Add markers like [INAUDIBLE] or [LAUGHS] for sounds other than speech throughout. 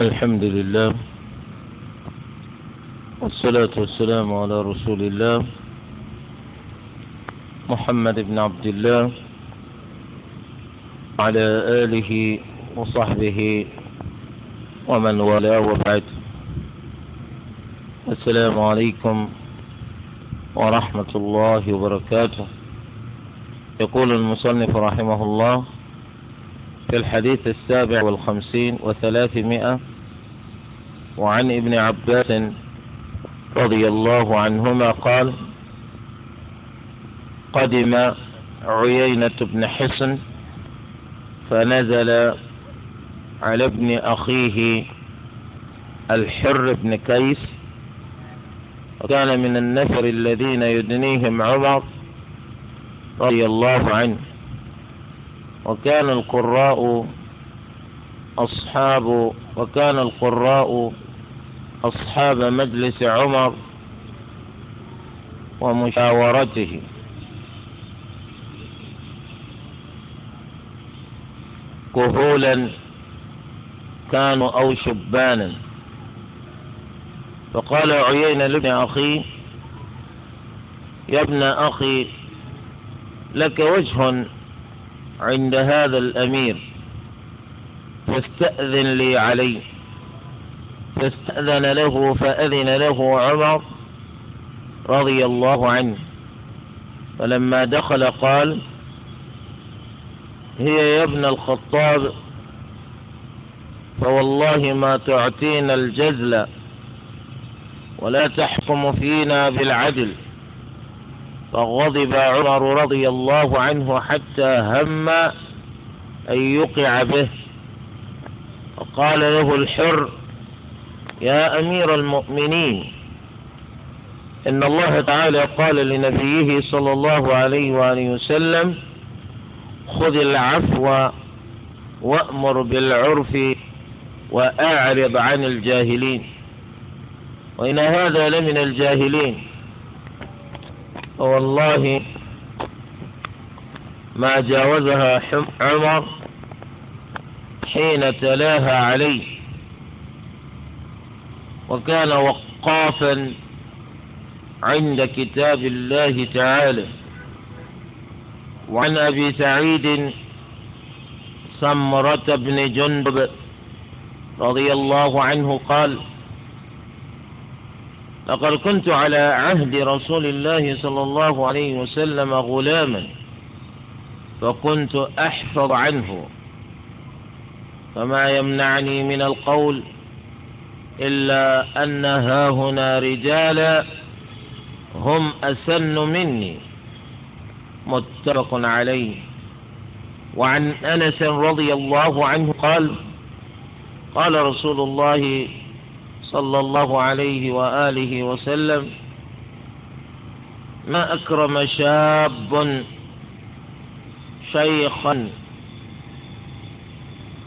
الحمد لله والصلاة والسلام على رسول الله محمد بن عبد الله على آله وصحبه ومن والاه وبعد السلام عليكم ورحمة الله وبركاته يقول المصنف رحمه الله في الحديث السابع والخمسين وثلاثمائة وعن ابن عباس رضي الله عنهما قال قدم عيينة بن حصن فنزل على ابن أخيه الحر بن كيس وكان من النفر الذين يدنيهم عمر رضي الله عنه وكان القراء أصحاب وكان القراء أصحاب مجلس عمر ومشاورته كهولا كانوا أو شبانا فقال عيينة لابن أخي يا ابن أخي لك وجه عند هذا الأمير فاستأذن لي عليه فاستأذن له فأذن له عمر رضي الله عنه فلما دخل قال هي يا ابن الخطاب فوالله ما تعطينا الجزل ولا تحكم فينا بالعدل فغضب عمر رضي الله عنه حتى هم أن يقع به فقال له الحر يا أمير المؤمنين إن الله تعالى قال لنبيه صلى الله عليه وآله وسلم خذ العفو وأمر بالعرف وأعرض عن الجاهلين وإن هذا لمن الجاهلين والله ما جاوزها عمر حين تلاها عليه وكان وقافا عند كتاب الله تعالى وعن أبي سعيد سمرة بن جندب رضي الله عنه قال لقد كنت على عهد رسول الله صلى الله عليه وسلم غلاما فكنت أحفظ عنه فما يمنعني من القول إلا أن هاهنا رجالا هم أسن مني متفق عليه وعن أنس رضي الله عنه قال قال رسول الله صلى الله عليه وآله وسلم ما أكرم شاب شيخا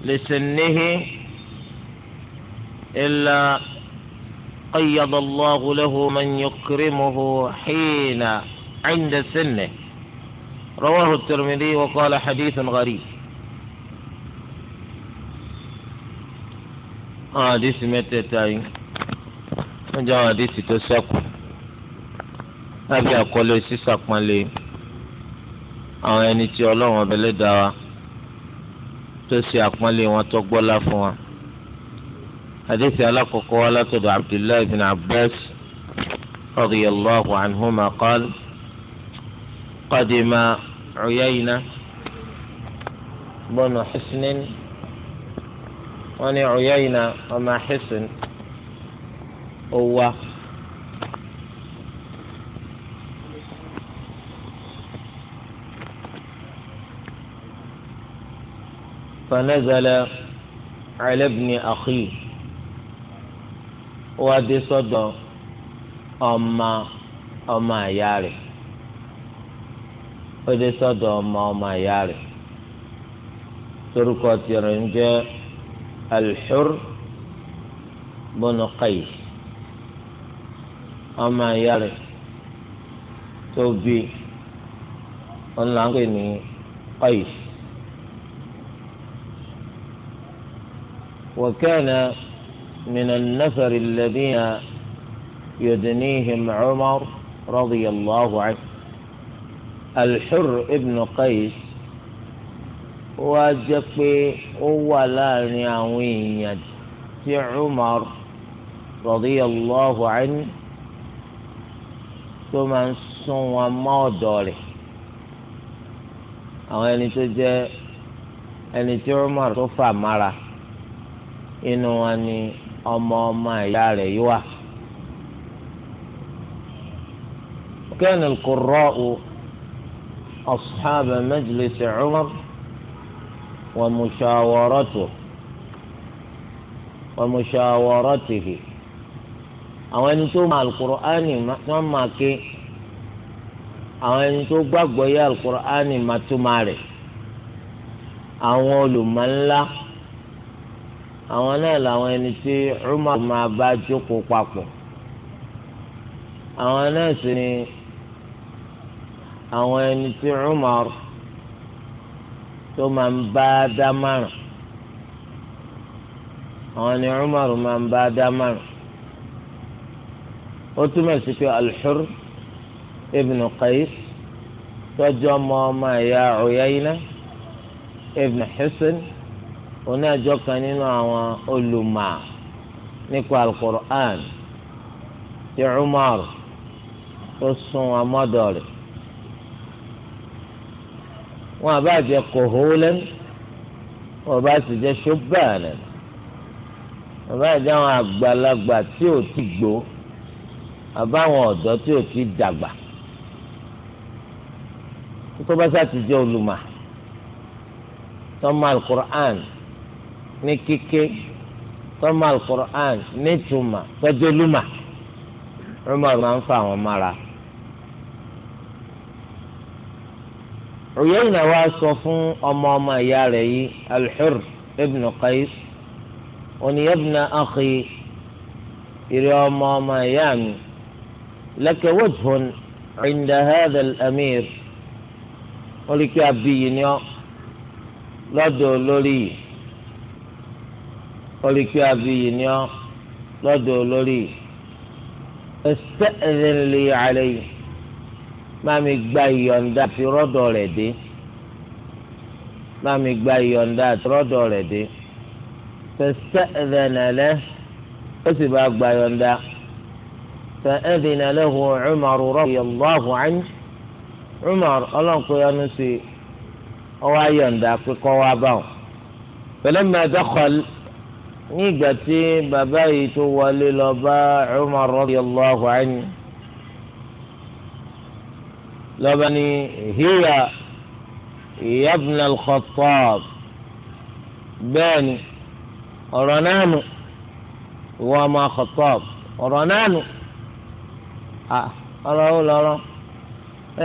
لسنه إلا قيض الله له من يكرمه حين عند سنه رواه الترمذي وقال حديث غريب àwọn àdìsí mẹ́tẹ̀ẹ̀ta yìí wọ́n jẹ́ àwọn àdìsí tó sẹ́kù lábẹ́ àkọlé sísàpọ́nlé àwọn ẹni tí ọlọ́run ọbẹ̀ lè dá wa tó ṣe àpọ́nlé wọn tó gbọ́lá fún wa. àdìsí alákọ̀ọ́kọ́ wa látọ̀dọ̀ abdullahi bin abbas radiyallahu anhuma qal qadima uyayna bọ́nà xusnin wọ́n ní Uyayna ọmọ Hisn ọwa fanazala ala ibn akhi wá dé sọ́dọ̀ ọmọ ọmọ àyá rẹ̀ ó dé sọ́dọ̀ ọmọ ọmọ àyá rẹ̀ torúkọ tirẹ̀ ń jẹ́. الحر بن قيس أما يالي توبي أنلعني قيس وكان من النفر الذين يدنيهم عمر رضي الله عنه الحر ابن قيس ó wá jẹ́ pé ó wà láàrin àwọn èèyàn tí Umar radiyallahu anhu tó máa ń sún wọn mọ́ ọ̀dọ̀ rẹ̀ àwọn ẹni tó jẹ́ ẹni tí Umar tó fà mára inú wọn ni ọmọ ọmọ ìyá rẹ̀ yìí كان القراء أصحاب مجلس عمر ومشاورته ومشاورته àwọn ẹni tó mọ alukur'ani wọn máa ké àwọn ẹni tó gbàgbọ́ yé alukur'ani máa túmọ̀ rẹ̀ àwọn olùmọ̀ńlá àwọn náà làwọn ẹni tí Umar máa bá jókòó papọ̀ àwọn náà sì ni àwọn ẹni tí Umar tó máa ń bá dá márùn àwọn ni Umar máa ń bá dá márùn ó túmọ̀ sí pé Al-Hurr ibn Qais tọ́jú ọmọ ọmọ ẹ̀yà Uyayna ibn Hisn onájọ́ kan nínú àwọn olùmọ̀ nípa Al-Qur'an tí tó sún ọmọdọ̀ rẹ̀ wọn àbá jẹ kòhólẹ́n wọn bá sì jẹ ṣọ́bàánẹ̀ wọn bá jẹ àwọn àgbàlagbà tí ò ti gbó àbáwọn ọ̀dọ́ tí ò ti dàgbà tó bá sá ti jẹ olùmọ̀ tọ́mọ alukur'an ní kíké tọ́mọ alukur'an ní tùmọ̀ tọ́jú olùmọ̀ wọn máa ń fa àwọn mára. Uyayna wá sọ fún ọmọ ọmọ ìyá rẹ̀ yìí Al-Hurr ibn Qais òní ibna akhi ìrẹ ọmọ ọmọ ìyá mi laka wajhun inda hadha al-amir wọ́n lè kí abiyì ni ọ́ lọ́dọ̀ olórí yìí wọ́n lè kí abiyì ni ọ́ lọ́dọ̀ olórí yìí استأذن لي عليه máa mi gba ìyọ̀ǹda àti rọ́dọ̀ rẹ̀ dé máa mi gba ìyọ̀ǹda àti rọ́dọ̀ rẹ̀ dé fasta'dhana lahu ó sì bá gba ìyọ̀ǹda fa'adhina lahu Umar radiyallahu anhu Umar ọlọ́nkóyanu sí ọwọ́ ayọ̀ǹda pé kọ́ wá bá wọn. falamma dakhala ní ìgbà tí bàbá yìí tó wọlé lọ bá Umar radiyallahu anhu lọ́ba ní hiya ibn al-Khattab bẹ́ẹ̀ ni ọ̀rọ̀ náà nù ìwọ ọmọ Khattab ọ̀rọ̀ náà nù ọ̀rọ̀ ó lọ́rọ́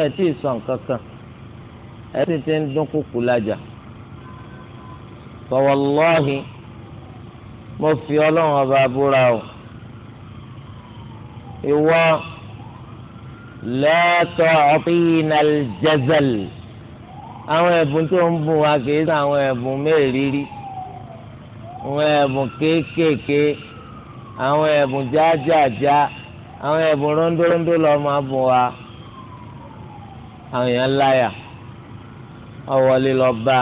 ẹ̀ tí ì sọ nǹkan kan ẹ̀ sì ti ń dún kúkú lájà fọwọ́lọ́hìn mo fi ọlọ́run ọba búra o ìwọ lẹ́tọ̀ ọ̀pìnàl jẹ́zẹ̀l àwọn ẹ̀bùn tó ń bùn wá kìí sọ àwọn ẹ̀bùn mẹ́rìírí àwọn ẹ̀bùn kéékèèké àwọn ẹ̀bùn jájájá àwọn ẹ̀bùn rọ́ńdọ́rọ́ńdọ́ lọ́ọ́ máa bùn wá àwọn èèyàn láyà ọ̀wọ́lé lọ́ọ́ bá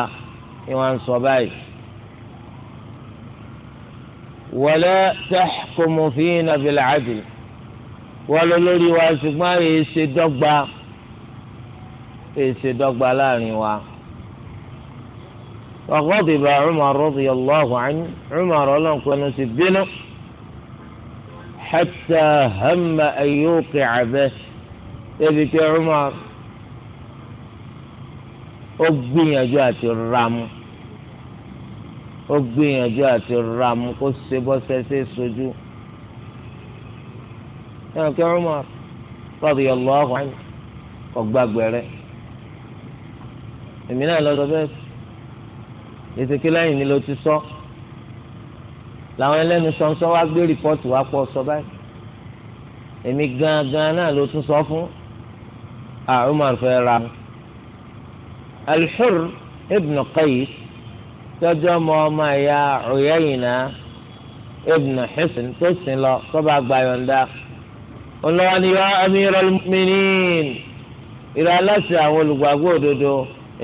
ni wọ́n ń sọ báyìí. wala tahkumu fina bil adl wọ́n lọ lórí wa ṣùgbọ́n àyè ṣe dọ́gba ṣe dọ́gba láàrin wa. وغضب عمر رضي الله عنه عمر لم يكن سبينه حتى هم أن يوقع به ebi tí Umar ó gbìyànjú àti ramu ó gbìyànjú àti ramu kó ṣe bọ́sẹ̀ ṣe sojú. So ẹnì kí Umar radiyallahu anhu ọgbà gbẹrẹ èmi náà lọ sọ bẹ́ẹ̀ ètèké lẹ́yìn ni ló ti sọ làwọn ẹlẹ́nu sọ̀nsọ́ wá gbé rìpọ́tù wá pọ̀ sọ báyìí èmi gangan náà ló tún sọ fún Umar fẹ́ ra Al-Hurr ibn Qais tọ́jọ́ mọ ọmọ ẹ̀yà Uyayna ibn Hisn tó sìn lọ tó bá ń dá ọlọ́wà ni yá amíràn mìíràn ìrẹ́ aláṣẹ àwọn olùgbàgbọ́ òdodo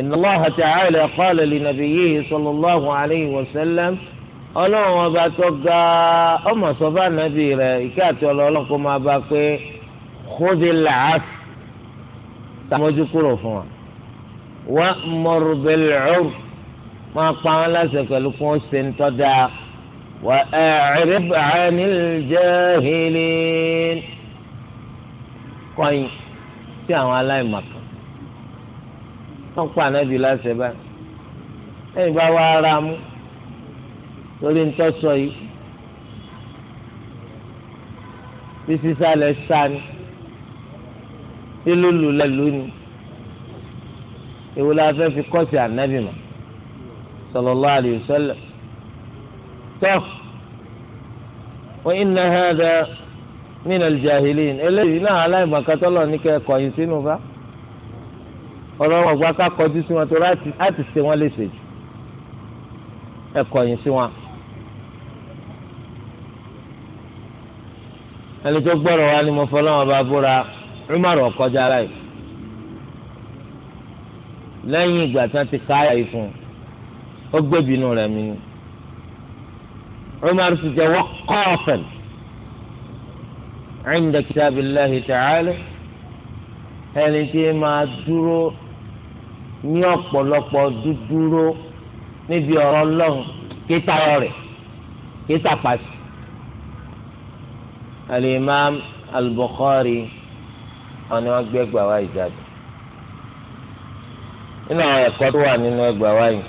ìnáláha ta'ala qala li nabiyyihi sallallahu alayhi wa sallam ọlọ́run ọba tó ga ọmọ sọ́fà nàbì rẹ̀ ìkẹ́ àti ọlọ́run kó máa bá pé khudhi làás tàmójú kúrò fún wa wa'mur bil'urf máa pa wọn láṣẹ pẹ̀lú kí wọ́n ṣe ń tọ́ da wa'rid 'anil kọ̀yìn sí àwọn aláìmọ̀kan wọ́n pa ànábì láṣẹ báyìí ẹ̀yìn bá wá ara mú lórí ntọ́sọ yìí bí sísálẹ̀ sá ni bí lùlù lẹ́lù ni èwo la fẹ́ fi kọ́sì ànábì mọ́ sallallahu alayhi wa sallam tó wa inna mina al-jahilin eléyìí náà aláìmọ̀kátọ́ lọ ní kẹ́kọ̀ọ́ yìí sínú bá ọ̀rọ̀ wọn gba ká kọjú sí wọn tó láti ṣe wọn léṣe jù ẹ̀kọ́ yìí sí wọn. ẹni tó gbọ́rọ̀ wá ni mo fọlọ́wọn bá búra Umar ọ̀kọ́jà láì lẹ́yìn ìgbà tí wọ́n ti ká ayà yìí fún un ó gbébinú rẹ̀ mi ni sì jẹ́ wọ́n kọ́ ọ̀fẹ́lẹ̀. عند كتاب الله تعالى ẹni tí máa dúró ní ọ̀pọ̀lọpọ̀ dúdúró níbi ọ̀rọ̀ ọlọ́run kí tayọ rẹ̀ kí tàpàṣì. alimam al-Bukhari wọn ni wọn ẹgbà wá ìjáde nínú àwọn ẹ̀kọ́ tó wà nínú ẹgbà wá yìí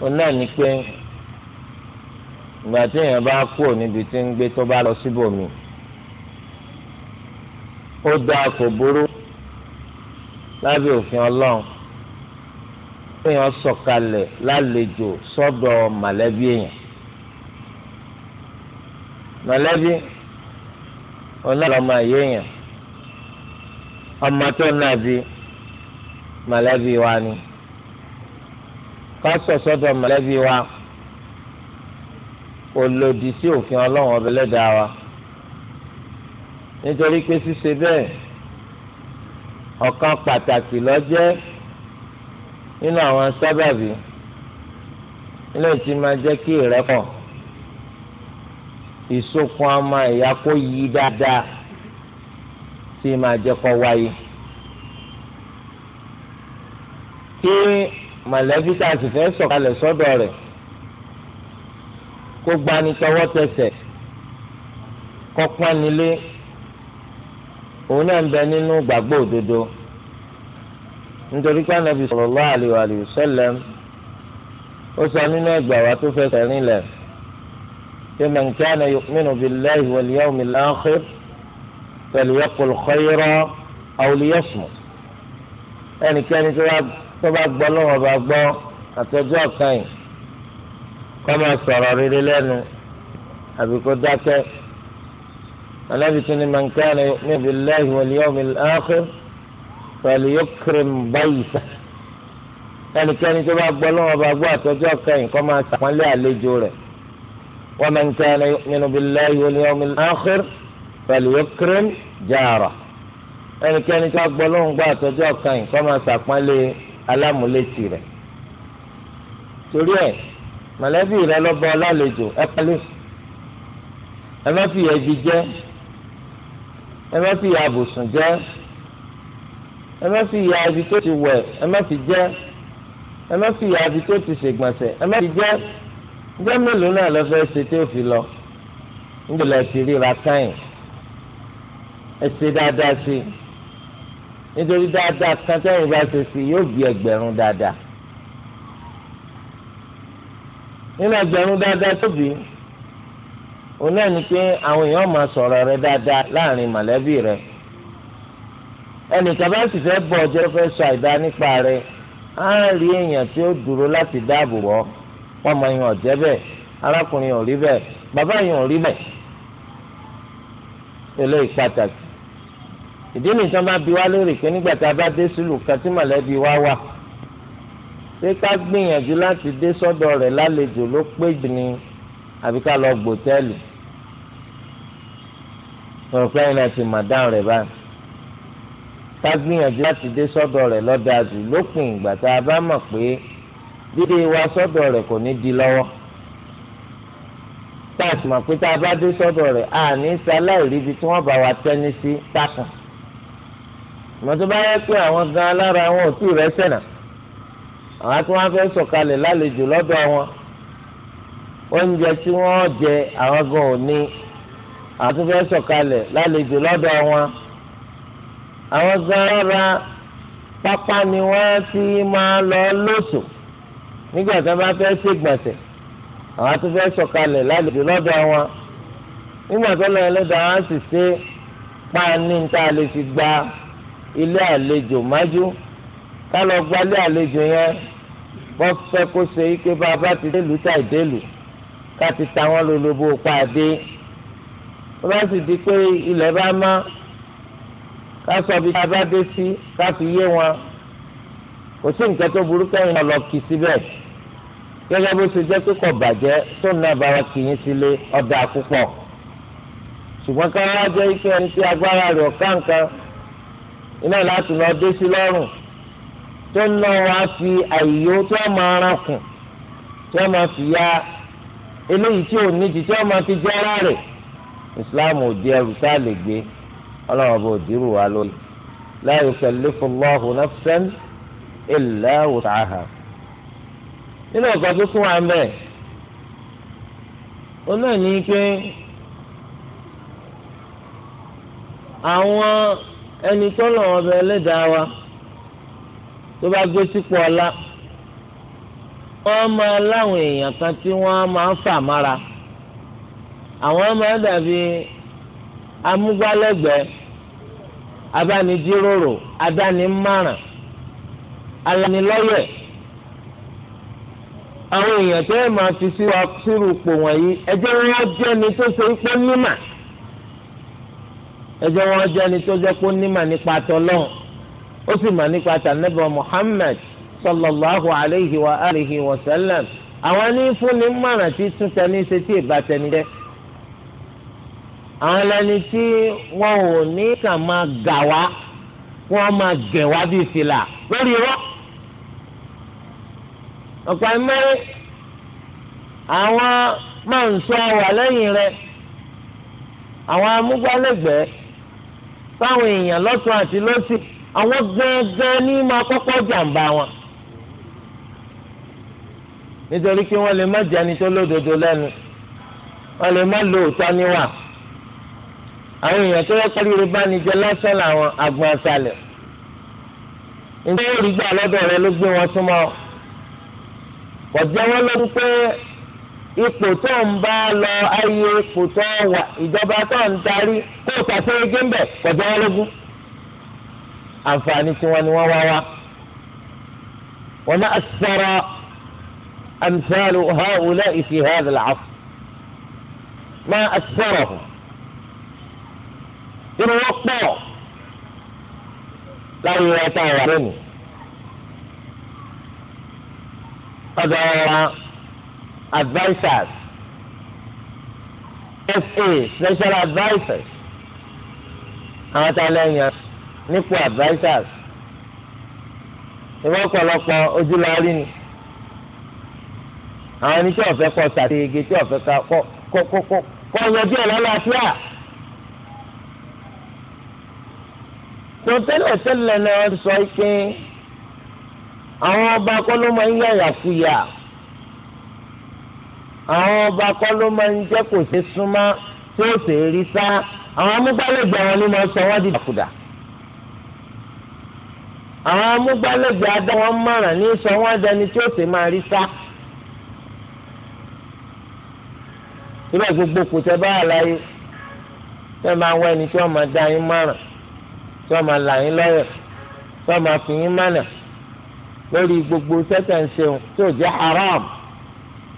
wọn náà pé ìgbà tí èèyàn bá kúrò níbi tí ń gbé tó bá lọ síbòmí ó dáa kò burú lábẹ́ òfin ọlọ́run èèyàn sọ̀kalẹ̀ lálejò sọ́dọ̀ mọ̀lẹ́bí èèyàn mọ̀lẹ́bí onílọ́mọ ayé èèyàn ọmọ tó nàbí mọ̀lẹ́bí wa ni ká sọ̀ sọ́dọ̀ mọ̀lẹ́bí wa kò lòdì sí òfin ọlọ́run ọbẹ̀ lẹ́dàá wa nítorí pé ṣíṣe bẹ́ẹ̀ ọ̀kan pàtàkì ló jẹ́ nínú àwọn sábàbí ilé tí máa jẹ́ kí ìrẹ́pọ̀ ìsopọ̀ ọmọ ìyá kó yí dáadáa tí máa jẹ́ kó wáyé kí mọ̀lẹ́bí tá a sì fẹ́ sọ̀kalẹ̀ sọ́dọ̀ rẹ̀ kó gbani tọwọ́ tẹsẹ̀ kó pánilé òun náà ń bẹ nínú gbàgbọ́ òdodo nítorí pé Ànábì sallallahu alaihi wa sallam ó sọ nínú ẹgbàá wa tó fẹsẹ̀ rinlẹ̀ pé man kana yu'minu billahi wal yawmil akhir falyaqul khayran aw liyasmut ẹnikẹ́ni tó bá gbọ́ lọ́wọ́ bá gbọ́ àtọ́jú ọ̀kan yìí kọ́ máa sọ̀rọ̀ rere lẹ́nu àbí kó dákẹ́ alábi tún ní man kana yu'minu billahi wal yawmil akhir falyukrim bayta ẹnikẹ́ni tó bá gbọ́ lọ́wọ́ bá gbọ́ àtọ́jọ́ kẹ́yìn kọ́ máa sàpọ́nlé àlejò rẹ̀ wa man kana yu'minu billahi wal yawmil akhir falyukrim ẹnikẹ́ni tó gbọ́ lọ́wọ́ gbọ́ àtọ́jọ́ kẹ́yìn kọ́ sàpọ́nlé alámúlétì rẹ̀ torí ẹ̀ mọ̀lẹ́bí rẹ lọ́bọ ọlálejò ẹ pẹ́lẹ́ ẹ má fi ẹbí jẹ́ ẹ má fi àbùsùn jẹ́ ẹ má fi ya ibi tó ti wẹ̀ ẹ má fi jẹ́ ẹ má fi ya ibi tó ti ṣègbọ̀nsẹ̀ ẹ má fi jẹ́ jẹ́ mélòó náà lọ fẹ́ ṣe tí ó fi lọ ńgbèlè ti ríra káyìn ẹ ṣe dáadáa sí i nítorí dáadáa kan tẹ́yìn bá ṣe sí yóò bí ẹgbẹ̀rún dáadáa. nínú ẹgbẹ̀rún dáadáa tóbi òun náà ni pé àwọn èèyàn máa sọ̀rọ̀ rẹ dáadáa láàrin mọ̀lẹ́bí rẹ ẹnìkan bá sì fẹ́ bọ̀ ọjọ́ fẹ́ sọ àìdá nípa rẹ á rí èèyàn tí ó dúró láti dáàbò wọ́ wọn mọ ìyàn ọ̀jẹ́ bẹ́ẹ̀ arákùnrin ò rí bẹ́ẹ̀ bàbá ìyàn ò rí bẹ́ẹ̀ eléyìí pàtàkì ìdí nìkan bá bi wá lórí pé nígbà tá a bá dé sílùú kan tí mọ̀lẹ́bí wa wà ṣé ká gbìyànjú láti dé sọ́dọ̀ rẹ̀ lálejò ló pé jù ní àbí ká lọ gbòtẹ́ẹ̀lì ọ̀pẹ́ yìí náà ti mà dáhùn rẹ̀ báyìí ká gbìyànjú láti dé sọ́dọ̀ rẹ̀ lọ́dọ̀ lópin ìgbà tá a bá mọ̀ pé dídé wa sọ́dọ̀ rẹ̀ kò ní di lọ́wọ́ tá a sì mọ̀ pé tá a bá dé sọ́dọ̀ rẹ̀ a ní sáláìrí ibi tí wọ́n bá wa tẹ́ni sí tákàn ìmọ̀tò bá yẹ pé àwọn gan alára wọn ò tí ì rẹ́ sẹ̀nà àwọn tí wọ́n fẹ́ sọ̀kalẹ̀ lálejò lọ́dọ̀ wọn oúnjẹ tí wọ́n jẹ àwọn gan ò ní àwọn tí wọ́n fẹ́ sọ̀kalẹ̀ lálejò lọ́dọ̀ wọn àwọn gan ra pápá ni wọ́n ti máa lọ lóṣù nígbà tí wọ́n bá fẹ́ ṣègbọ̀nsẹ̀ àwọn tó fẹ́ sọ̀kalẹ̀ lálejò lọ́dọ̀ wọn nígbà tó lọ ẹlẹ́dàá wọn sì ṣe páàní níta lè fi gba ilé àlejò májú ká lọ gbalẹ̀ àlejò yẹn wọ́n fẹ́ kó ṣe ike bá a bá ti délù tá ìdélù ká ti ta wọ́n lólobó pàdé wọ́n bá sì di pé ilẹ̀ bá má ká sọ bí a bá dé sí ká fi yé wọn kò sí nǹkan tó burú kẹ́yìn lọ kì síbẹ̀ gẹ́gẹ́ bó ṣe jẹ́ kíkọ̀ bàjẹ́ tó ń nàbà wa kì sílé ọ̀dà púpọ̀ ṣùgbọ́n ká wá jẹ́ ike ẹni tí agbára rẹ̀ ọ̀ká nǹkan iná láti lọ dé sí lọ́rùn tó lọ wá fi àyò tó máa ran kùn tó máa fi ya eléyìí tí ò ní ti tó máa fi jẹ́ ara rẹ̀ islam ò di ẹrù tá a lè gbé ọlọ́run bò dírù wa lórí la yukallifu Allahu nafsan illa wus'aha nínú ọ̀gá tó fún wa mẹ́ẹ̀ òun ní pé àwọn ẹni tó lọ́wọ́ bẹ ẹlẹ́dàá wa tó bá gbé sípò ọlá wọ́n máa láwọn èèyàn kan tí wọ́n máa ń fà mára àwọn máa dàbí amúgbálẹ́gbẹ̀ẹ́ abánijíròrò adánimáran alanilọ́yẹ̀ àwọn èèyàn tó yẹ máa fi sírù pò wọ̀nyí ẹjẹ́ wọn jẹ́ ni tó ṣe pé nímà ẹjẹ́ wọn jẹ́ ni tó jẹ́ pé nímà nípa tọ́lọ́hùn ó sì mà nípa tànẹ́bà Muhammad sallallahu alayhi wa alihi wa sallam àwọn ní fúnni mọ̀ràn tí tún tẹni ṣe tí ìbá tẹni jẹ́ àwọn lẹni tí wọn ò ní kà máa gà wá wọn máa gẹ̀ wá bíi fìlà lórí irọ́ ọ̀pọ̀ ẹ̀mẹ́rin àwọn máa ń sọ wà lẹ́yìn rẹ̀ àwọn amúgbálẹ́gbẹ̀ẹ́ fáwọn èèyàn lọ́tún àti lọ́sìn àwọn gangan ní máa kọ́kọ́ jàǹbá wọn nítorí kí wọ́n lè má jẹ́ tó lódodo lẹ́nu wọ́n lè má lo òótọ́ níwà àwọn èèyàn tó yẹ kọ́lé rẹ bá ní jẹ lásán làwọn agbọn asalẹ̀ ǹjẹ́ yóò rí gbà lọ́dọ̀ rẹ ló gbé wọn súnmọ́ kò jẹ́ wọ́n lọ́dún pé ipò tó ń bá lọ ayé ipò tó wà ìjọba tó ń darí kó o tàṣe gé ń bẹ̀ kò jẹ́ wọ́n lógún àǹfààní tí wọ́n ní wọ́n wá wá. wọ́n máa sara amsalu haula ifi hada lacaf máa asara hù. irú wọn pọ̀ láwùjọ tá a wà lónìí. ọ̀dọ̀ wa advisers fa special advisers àwọn tá a lẹ́yìn ẹ̀ nípò advisers ìwọ ojúlọ́rí ni àwọn ẹni tí ọ̀fẹ́ kọ sàtẹ́gẹ tí ọ̀fẹ́ kọ kọ yanjú ẹ̀ lọ́lọ́àfíà tó tẹ́lẹ̀ tẹ́lẹ̀ náà sọ pé àwọn ọba kọ́ ló máa ń yàyà kuyà àwọn ọba kọ́ ló máa ń jẹ́ kò ṣe súnmọ́ tí ó sì rí sá àwọn amúgbálẹ́gbẹ̀ẹ́ wọn ni wọ́n sọ wọ́n di dàkúdà. àwọn amúgbálẹ́gbẹ̀ẹ́ adá wọn mọ̀ràn ní sọ wọ́n dẹni tí ó sì máa rí sá. ìrọ̀ gbogbo kò tẹ́ bá àlàyé tẹ́ máa wọ ẹni tí wọ́n máa dá yín mọ̀ràn tí wọ́n máa là yín lọ́yẹ̀ tí wọ́n fi yín lórí gbogbo sẹ́tẹ̀ ń ṣeun tí ò jẹ́ haram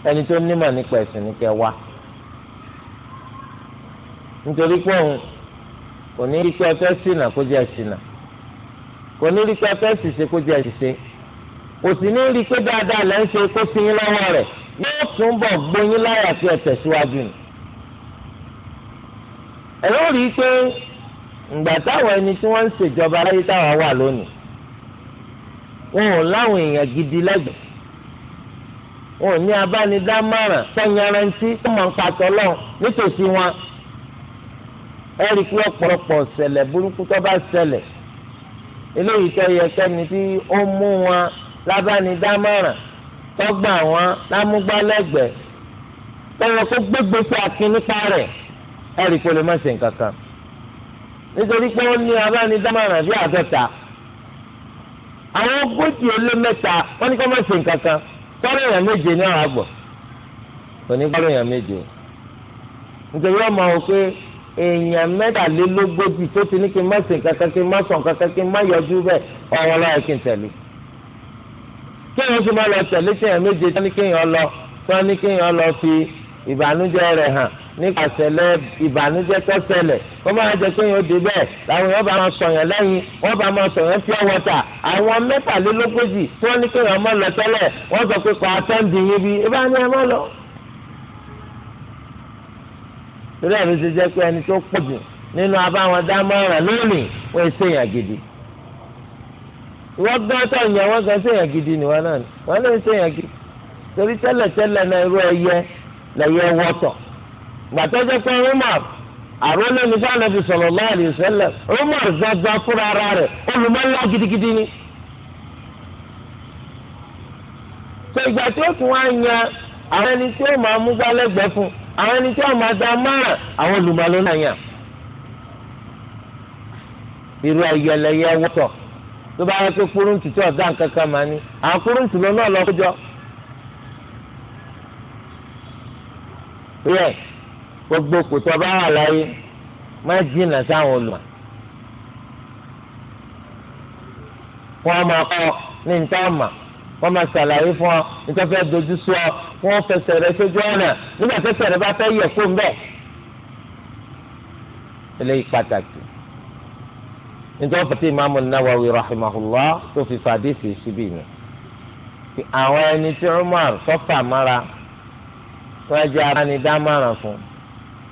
ẹni tó nímọ̀ nípa ẹ̀sìn ní wá. nítorí pé òun kò ní kò ní rí pé fẹ́ ṣìṣe kó jẹ́ ṣìṣe kò sì ní rí pé dáadáa lẹ́ ń ṣe kó sí yín lọ́wọ́ rẹ̀ yóò tún bọ̀ gbóyin láyà tí ẹ tẹ̀síwájú ni. ẹ yóò rí i pé ìgbà táwọn ẹni tí wọ́n ń ṣèjọba láyé táwọn wà lónìí wọn ò láwọn èèyàn gidi lẹ́gbẹ̀ẹ́ wọn ò ní abánidámọ̀ràn sẹ́yìnrántí tó mọ̀ ń pàtọ́ lọ nítòsí wọn ẹ rí i pé ọ̀pọ̀lọpọ̀ ṣẹlẹ̀ burúkú tó bá ṣẹlẹ̀ eléyìí tẹ́ yẹ kẹ́ni tí ó mú wọn lábánidámọ̀ràn tọ́gbà wọn lámúgbálẹ́gbẹ̀ẹ́ tọ́wọ́ kó gbégbé sí akin nípa rẹ̀ ẹ̀rí kò lè má ṣe nǹkan kan nítorí pé ó ní abánidámọ̀ràn bí àádọ́ta àwọn ogójì ó lé mẹ́ta wọ́n ní kó má ṣe nǹkan kan kọ́rọ̀ èèyàn méje ní àwọn àgbọ̀ kò ní kọ́rọ̀ èèyàn méje nítorí ọmọ wọn pé èèyàn mẹ́tàlélógójì tó ti ní kí n má sìn kankan kí n má sàn kankan kí n má yọjú bẹ́ẹ̀ ọ̀run lọ́wọ́ kí n tẹ̀lé. kéèyàn sì máa lọ tẹ̀lé téèyàn méje tó ní kéèyàn lọ tó ní kéèyàn lọ fi ìbànújẹ́ rẹ̀ hàn nípa ṣẹlẹ̀ ìbànújẹ́ tó ṣẹlẹ̀ wọ́n máa jẹ pé yóò dé bẹ́ẹ̀ làwọn yóò bá máa sọ̀yàn lẹ́yìn wọ́n bá máa sọ̀yàn pure water àwọn mẹ́tàlélógójì tó ní kéèyàn má lọ tẹ́lẹ̀ wọ́n sọ pé kò àtọ́ǹdì yín bí ibà ni ẹ má lọ. torí ẹ̀ ló ṣe jẹ́ pé ẹni tó pọ̀ jù nínú abáwọn dámọ̀ràn lónìí wọ́n ṣe èèyàn gidi wọ́n gbọ́ tó yàn ṣe èèyàn gidi nìwọ́n náà wọ́n lè ṣe èèyàn gidi torí tẹ́lẹ̀tẹ́lẹ̀ náà irú ẹyẹ lẹ́yẹ wọ́tọ̀ gbàtọ́jọ́ pé àrólé ní fúnra ara gidigidi ni. tí ó tún wá àwọn ẹni tí wọn máa dá márùn àwọn olùmọ̀lọ́ náà yàn. irú ayẹlẹyẹ wọ́tọ̀ tó bá yẹ pé kúrúǹtì tí ọ̀gá nǹkan kan máa ní àwọn kúrúǹtì lọ náà lọ kójọ. yẹ gbogbo kòtò bá wà láyé má jìnnà sáwọn olùmọ̀. wọ́n máa kọ́ ní ntọ́ wọ́n máa ṣàlàyé fún ọ nígbà fẹ́ dojú sọ ọ wọ́n fẹsẹ̀ rẹ sójú ọ̀nà nígbà fẹsẹ̀ rẹ bá fẹ́ yẹ fún bẹ́ẹ̀. eléyìí pàtàkì nítorí pàtó ìmáàmù Nawawi rahimahullah tó fi fàdé sí síbí ni àwọn ẹni tí Umar sọ́fà mára wọ́n jẹ́ abánidámọ̀ràn fún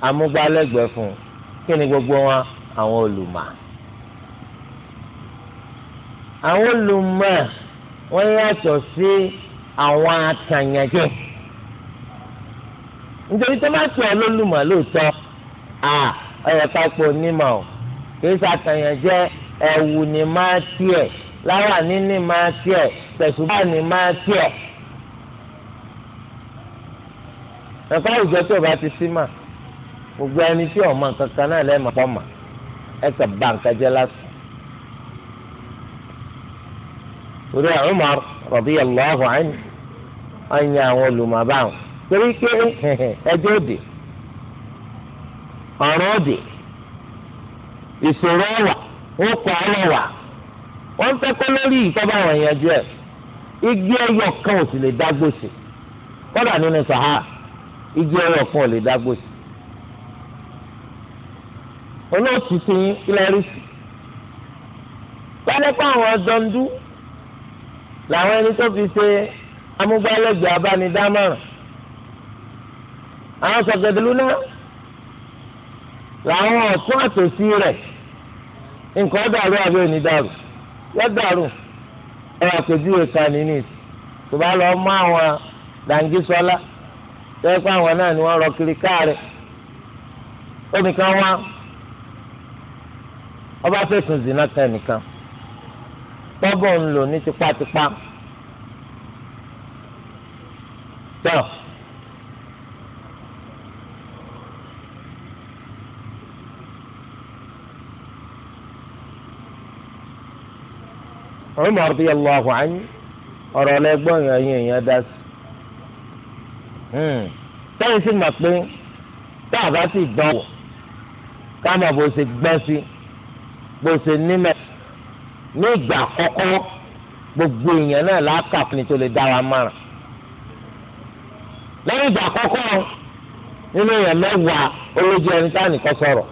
amúgbálẹ́gbẹ̀ẹ́ fún kí ni gbogbo wọn àwọn olùmọ̀ àwọn olùmọ̀ wọ́n yàtọ̀ sí àwọn atànyànjẹ nítorí tó bá pè ọ́ lólùmọ̀ lóòótọ́ à ọ̀yọ̀ kápò onímọ̀ ò kì í sàtànyànjẹ ẹ̀wù ni máa tiẹ̀ láwàní ni máa tiẹ̀ tẹ̀sùbá ni máa tiẹ̀ ẹ̀kọ́ àwùjọ tó o bá ti sí mà gbogbo ẹni tí ọ̀ mọ̀ kankan náà lẹ́ẹ̀mọ̀ pọ̀ mà ẹ̀ka bá nǹkan jẹ́ lásán. torí Umar radiyallahu ọ bụ àwọn olùmọ̀báwọn torí pé [LAUGHS] ẹjọ́ òde ọ̀rọ̀ òde ìṣòro ọ̀wà ó kọ́ ọlọ́wà wọ́n fẹ́ kọ́ lórí ìtọ́ba àwọn ìyànjú igi ẹyọ kan ò sì lè dá gbòsì kọ́dà nínú sàhà igi ẹyọ kan ò lè dá olóòtú rí sí àwọn ń dún. làwọn ẹni tó fi ṣe amúgbálẹ́gbẹ̀ẹ́ abánidámọ̀ràn àwọn sọ̀gẹ̀dẹ̀lú náà làwọn ọ̀tún àtòsí rẹ̀ nǹkan dàrú àbí òní dàrú dàrú ẹ àpèjúwe kan nínú ìsì tó bá lọ mọ àwọn dàǹgísọlá tẹ́lẹ̀ pé àwọn náà ni wọ́n rọ kiri káàrẹ̀ ó nìkan wá ọba zina tọ́gọ̀ ń lò ní tipátipá. tọ́ Umar radiyallahu anhu ọ̀rọ̀ ọlẹ́gbọ́n yẹn yẹn yẹn dá sí. Hmm. tẹ́yìn sì mọ̀ pé tá a bá ti dánwò ká mọ̀ bó ṣe gbọ́n sí bó ṣe nímẹ̀ ní ìgbà àkọ́kọ́ gbogbo èèyàn náà láàkà fún mi tó lè dára márùn lẹ́yìn ìgbà àkọ́kọ́ nínú èèyàn mẹ́wàá olójú ẹni tá nìkan sọ̀rọ̀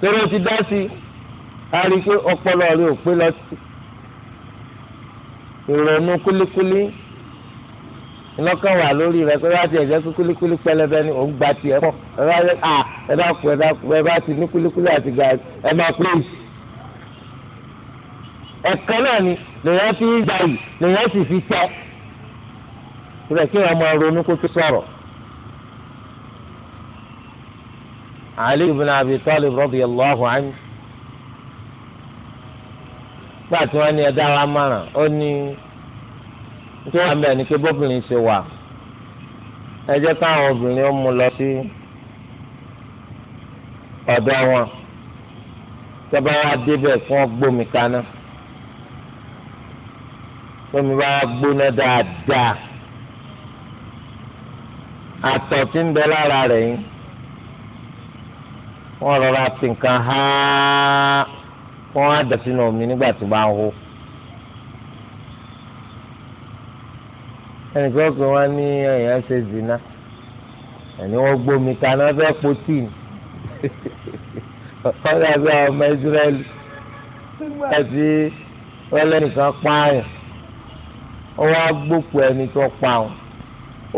torí o ti dá sí i a rí i pé ọpọlọ rẹ ò pé lọ sí ìrònú kúlíkúlí ìlọ́kàn wà lórí rẹ pé bá tiẹ̀ jẹ́ pé kúlíkúlí pẹlẹbẹ ni òun gba tiẹ̀ pọ̀ ẹ bá ti ní kúlíkúlí àti gàrí ẹ máa pèsè ẹ̀kan náà ni lèyàn fi ń gbà yìí lèyàn sì fi tẹ́ síbẹ̀ kí wọ́n máa ronú kó tó sọ̀rọ̀. Ali ibn Abi Talib radiyallahu anhu gbà tí wọ́n ní ẹ̀dá wa márùn ó ní tí wọ́n bẹ̀ ní pé bóbìnrin ṣe wà ẹ jẹ́ káwọn obìnrin ó mú lọ sí ọ̀dọ̀ wọn tọ́ba wa débẹ̀ fún ọgbómi kaná tómi bá gbóná dáadáa àtọ̀ tí ń bẹ lára rẹ̀ yìí wọ́n rọra fi nǹkan há wọ́n á dà sínú omi nígbà tó bá ń hó. ẹnìkan kan wá ní ẹ̀yàn ṣe zina ẹni wọ́n gbómi kaná fẹ́ po tíì ọ̀dà bí ọmọ ìsírẹ́lì nígbà tí wọ́n lẹ́nìkan pààyàn ọwọ́ agbópo ẹni tó pa ọ́n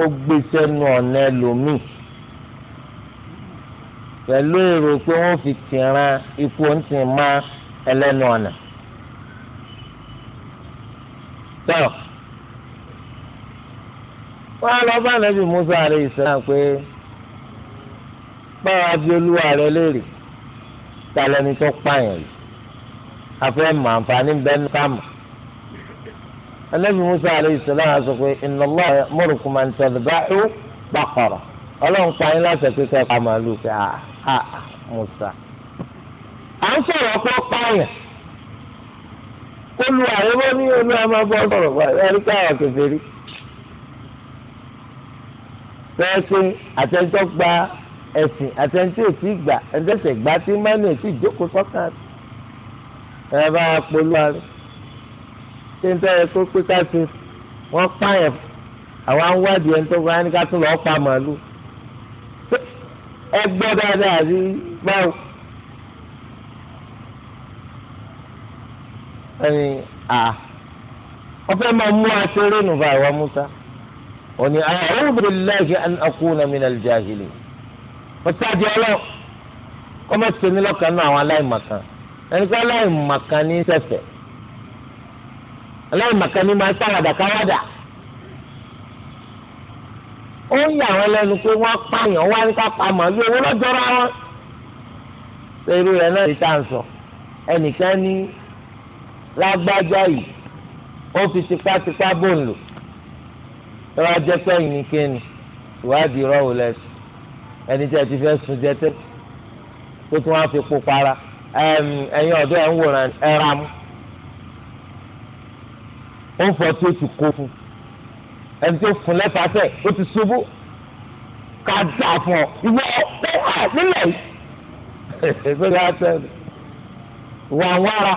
ó gbé sẹ́nu ọ̀nà ẹlòmíì pẹ̀lú èrò pé wọ́n fi tìran ikú ń tì má ẹlẹ́nu ọ̀nà. tọ́ wọ́n á lọ bá nàbì Musa alayhi salam pé báwa bí olúwa rẹ léèrè ta lẹni tó pààyàn yìí afẹ́ mọ àǹfààní bẹ́ẹ̀ ní ká mọ̀ anabi musa alayhi salam a sọ pé inna Allah ya'murukum an tadhbahu baqara ọlọ́run pa yín láti ẹ̀pẹ́ kẹ́ pa màálùú pé àà ah, ah, ah, musa. à ń sọ̀rọ̀ pé ó pààyàn kó lu àríwọ́ ní olú àmàbọ̀ sọ̀rọ̀ ẹ̀rí káwọn kẹfẹ́rí. fẹ́ẹ́ pé àtẹ̀jọ́ gba ẹ̀sìn àtẹ̀ntì ò tí gbà ẹ̀ńtẹ̀sẹ̀ gbà tí mánì ò tí jókòó sọ́kàn. ẹ bá polúwa rẹ̀ ṣé ń tẹ́lẹ̀ kó pé ká ṣe wọ́n pààyàn àwa ń wádìí ẹni tó bá ní ká tún lọ́ọ́ pa màálù ẹ gbọ́ dáadáa sí báwo. ẹni à ọfẹ máa mú aṣeré nù bá wa Musa òní a'udhu billahi an akuna minal jahilin ọ̀tájọ́ ọlọ́ọ̀ kọ́mọ̀sẹ̀ nílọ́kànnú àwọn aláìmọ̀kan ẹni aláìmọ̀kan ní sẹ̀fẹ̀ẹ́ aláìmọ̀kẹ́ ni máa sáradà káwádà ó ń yà wọn lẹ́nu pé wọ́n pààyàn wá ní ká pa màálù owó lọ́jọ́ra wọn irú rẹ̀ náà lè tàn sọ ẹnìkan ní lágbájá yìí ó fi tipátipá bò ń lò lọ́wọ́ ajẹ́pẹ́ yìí ní kéènì ìwádìí rọ́wò lẹ́sùn ẹni tí a ti fẹ́ sun jẹ́tẹ́ tó tún wá fi kó para ẹ̀yin ọ̀dọ́ ẹ̀ ń wòran ẹ̀ ra ó ń fọ tí ó ti kó fún ẹni tó fún lẹ́fàáfẹ́ ó ti ṣubú ká dà fún ọ ìwọ ọ [LAUGHS] wà nílẹ̀ ìgbéga sẹ́nu wà ń wára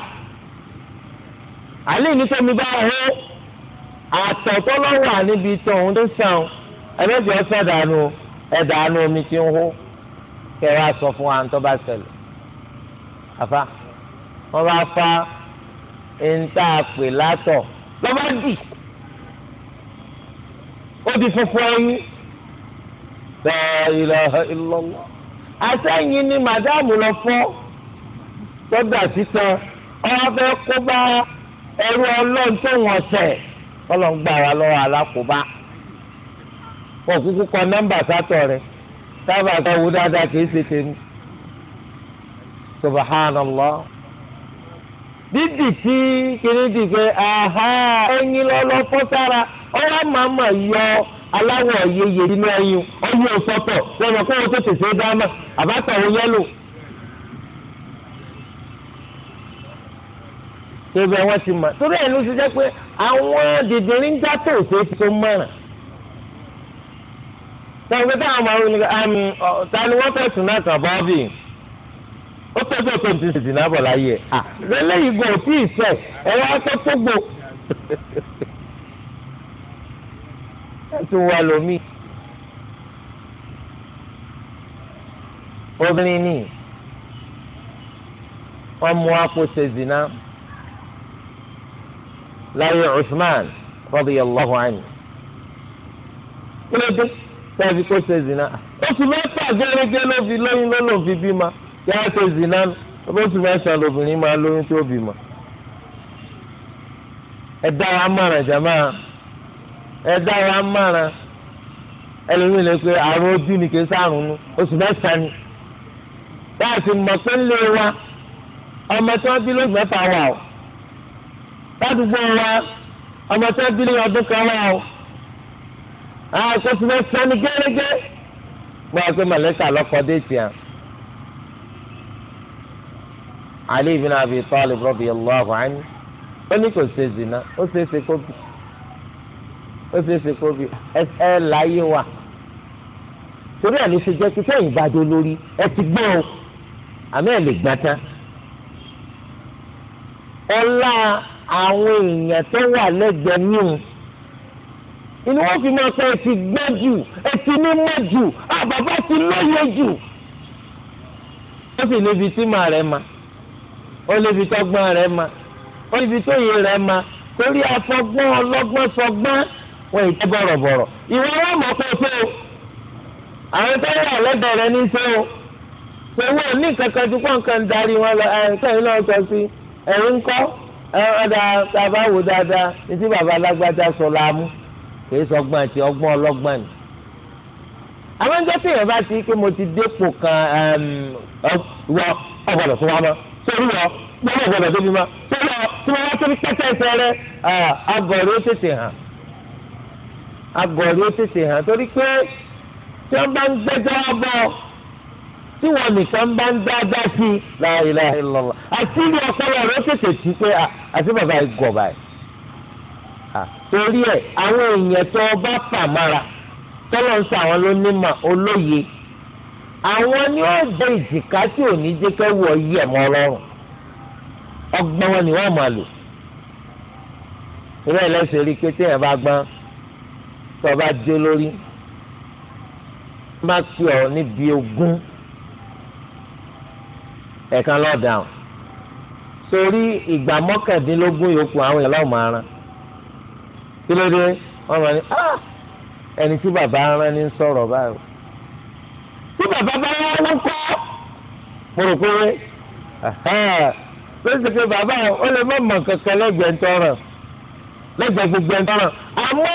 àlẹ́ ìníṣẹ́ mi bá hó àtọ̀ tó lọ́ wà níbi tó ń tó sàn ẹlẹ́jọ́ sọ̀dánù ẹ̀dánù omi ti ń hó kẹrẹ aṣọ fún wa ntọ́ bá ṣẹlẹ̀ àfa wọ́n bá fa ń tà pè látọ̀ lọ́ba dì ó di funfun ẹyin ṣáàyìlá ìlọ́wọ́ àtẹ̀yìn ni màdáàmù lọ fọ́ tọ́jà sísan ọ̀fẹ́ kó bá ẹrú ọlọ́run tó wọ́n sẹ̀ ọlọ́run gbà wá lọ́wọ́ alákòóbá wọ́n kọ nọ́mbà sátọ̀ rẹ̀ sábà sọ wo dáadáa kì ṣe tèmi subhanallah. dídì tí kìíní dì pé ẹyin lọ́lọ́ fọ́ sára màmá yọ aláwọ̀ yeye nínú ẹyin ọyún ọ̀sọ́tọ̀ lọ́nà kó wọn tó tètè dáná àbátọ̀ wọn yẹ́lò. tóbi wọn ti mọ torí ẹ̀ ló pé àwọn dìdìrín já tó ṣe tó mọ̀ràn. pé táwọn ó tọ́jú ọ̀tọ̀ ti sì dìnnà bọ̀ láyé ẹ̀ lẹ́lẹ́yìn gan ò tí ì fẹ́ ẹ wá tó tógbò ẹ tún wá lómi. obìnrin ni wọ́n mú apò ṣe zina láyé Usman radiyallahu anhu kí ló tẹ́ẹ̀fì kó ṣe zina oṣù mẹ́fà gẹ́gẹ́ ló fi lóyún ló lò bímọ. kí ṣe zina lóṣù mẹ́sàn-án lobìnrin máa lóyún tó bímọ. ẹ dára mọ̀ràn jàmá ẹ dára mọ̀ràn ẹlòmíì lè pe àrùn ojú ni kì í sàrùn nu oṣù mẹ́sàn-án ni. báyà mọ̀ pé wa ọmọ tí wọ́n bí lóṣù mẹ́fà wà o ládùúgbò wa ọmọ tí wọ́n bí lóṣù ọdún kan wà o àwọn mẹ́sàn-án ni gẹ́gẹ́ pé dé tiẹ̀. ali ibn abi talib radiyallahu anhu ó ní kò ṣe zina ó ṣe é ṣe kó bí ó ṣe é ṣe kó bí ẹ láyé wa torí àní ṣe jẹ́ kí sẹ́yìn bá dé lórí ẹ ti gbọ́ o àmì ẹ̀ lè gbà tán. ọlá àwọn èèyàn tó wà lẹ́gbẹ̀ẹ́ yìí inú wọn fi máa pẹ́ ẹ ti gbọ́ jù ẹ ti nímọ̀ jù àbàbà ti lóye jù ó sì níbi tí màá rẹ̀ máa ó níbi tọ́gbọ́n rẹ̀ ma ó níbi tóyè rẹ̀ ma torí afọgbọ́n ọlọ́gbọ́n sọgbọ́n wọn ì jẹ́ bọ̀rọ̀bọ̀rọ̀ ìwọ wọn mọ̀ pé pé o àwọn tó wà lọ́dọ̀ rẹ̀ ní sẹ́ o pé wọn ò ní kankan tí wọn kàn darí wọn lọ ẹ kẹ́yìn náà sọ sí ẹ̀yìn ń kọ́ bàbá wò dáadáa ní tí bàbá alágbádá sọ làámú kì í sọgbọ́n àti ọgbọ́n ọlọ́gbọ́n ni àwọn ẹjọ́ tí bá ti pé mo ti dépò kan ìwọ ọgbọ́dọ̀ sórí wọ gbọ́dọ̀ gbọ́dọ̀ débi ma sórí wọ tí wọ́n bá tó ní pẹ́tẹ́ ẹsẹ̀ rẹ agọ̀rí ó tètè hàn agọ̀rí ó tètè hàn torí pé tí wọ́n bá ń gbẹ́jọ́ ọbọ̀ tí wọ́n nìkan bá ń dáadáa sí i la ilaha illallah àti ilé ọpọlọ rẹ ó tètè tì pé àti bàbá yìí báyìí torí ẹ̀ àwọn èèyàn tó bá fà mára tọ́lọ́ ń sọ àwọn ló ní mà olóye àwọn ni wọn bẹ ìjìká tí ò ní jẹ́ kẹ́ wọ yí ẹ̀mọ́ ọlọ́run ọgbọ́n wọn ni wọ́n máa lò ìrẹ́ ẹlẹ́sẹ̀ rí kété yẹn bá gbọ́n tó bá dé lórí má pè ọ́ níbi ogún ẹ̀ka lọ́dàn sórí ìgbà mọ́kàndínlógún yòókù àwọn èèyàn lọ́wọ́ máa ran kí ló dé wọ́n máa ní ah! ẹni tí bàbá rán ní sọ̀rọ̀ báyìí tí bàbá bá yá wọn kọ́ mo rò pé lóṣù pé bàbá ó lè má mọ̀ kankan lẹ́gbẹ̀ẹ́ ntọ́ràn lẹ́gbẹ̀ẹ́ gbogbo ntọ́ràn àmọ́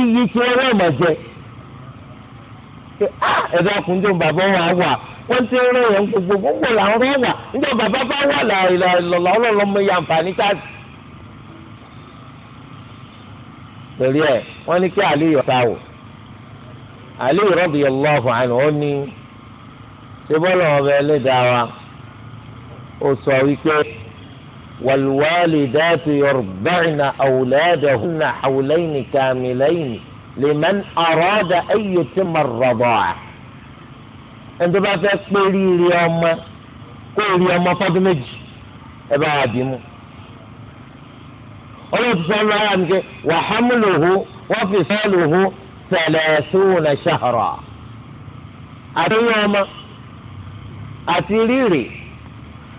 iyì tí wọ́n rẹ̀ mọ̀ jẹ́ ẹ̀dá kúndùn bàbá wà wà wọ́n ti ń rìn yẹn gbogbo gbogbo làwọn bá wà níjọ́ bàbá bá wà lọ́lọ́ ọlọ́mọ ya nǹfààní káàdì. torí ẹ wọ́n ní kí àlè yọ̀ta wò. Ali radiyallahu anhu ó ní ṣé sebọ́lọ̀ lè dá wa ó sọ wípé wàlúwàlídàtú yorùbáìnà àwùlẹ́dàhùnà àwùlẹ́yìn kàmìlẹ́yìn lèmẹ́n àrọ́dà ẹ̀yẹ tí mà rọ̀bọ̀ à. ẹni tó bá fẹ́ pé rírí ọmọ kó rí ọmọ fọdún méjì ẹ bá wà bí mu. ọlọ́run ti sọ ọ́ lọ́wọ́ àmì kẹ́ wàhámùlùhù wọ́n fi sọ́ọ̀lùhù sẹlẹsùn ṣahara àdéhùn ọmọ àti rírì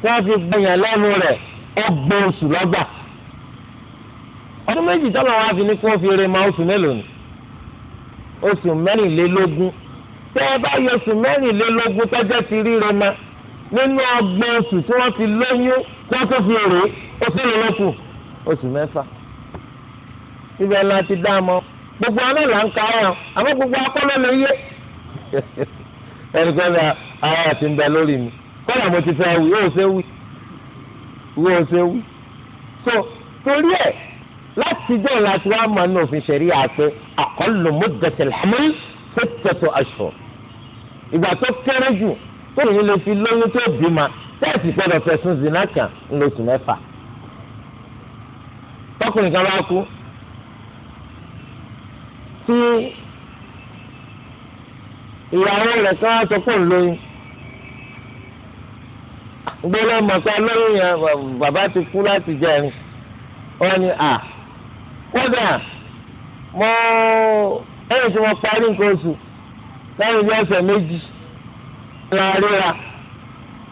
tí wọn fi gbẹyàn lẹ́nu rẹ̀ ọgbọ̀n oṣù lọ́gbà ọdún méjì tọ́lọ̀ wá fi ní kí wọ́n fi rè ma oṣù mélòó ni oṣù mẹ́rìnlélógún tẹ́ ẹ bá yọ oṣù mẹ́rìnlélógún tọ́jọ́ ti rírẹ ma nínú ọgbọ̀n oṣù tí wọ́n ti lóyún kí wọ́n tó fi rè é oṣù mélòó oṣù mẹ́fà ibẹ̀ la ti dá a mọ́ gbogbo aná là ń ka ẹ̀ àmọ́ gbogbo akọ́lọ́ lè yé ẹnikẹ́ni àwọn àti ń bẹ lórí mi kọ́lá mo ti fẹ́ wí yóò ṣe wí yóò ṣe wí so torí ẹ̀ látijọ́ láti wá mọ̀ ní òfin ṣẹ̀rí àpé aqallu muddatil haml sittatu ashhur ìgbà tó kéré jù tó yìí lè fi lóyún tó bímọ tẹ́ẹ̀sì gbọ́dọ̀ fẹ̀sùn zina kan ńlọsùn mẹ́fà tọkùnrin kan bá kú tí ìyàwó rẹ̀ kí wọ́n sọ pé òun lóyún gbọ́dọ̀ mọ̀tọ́ lóyún yẹn bàbá ti kú láti jẹun wọ́n ní à kódà mo ẹ̀yìn tí mo parí nǹkan oṣù lẹ́yìn bí ọ̀sẹ̀ méjì la ríra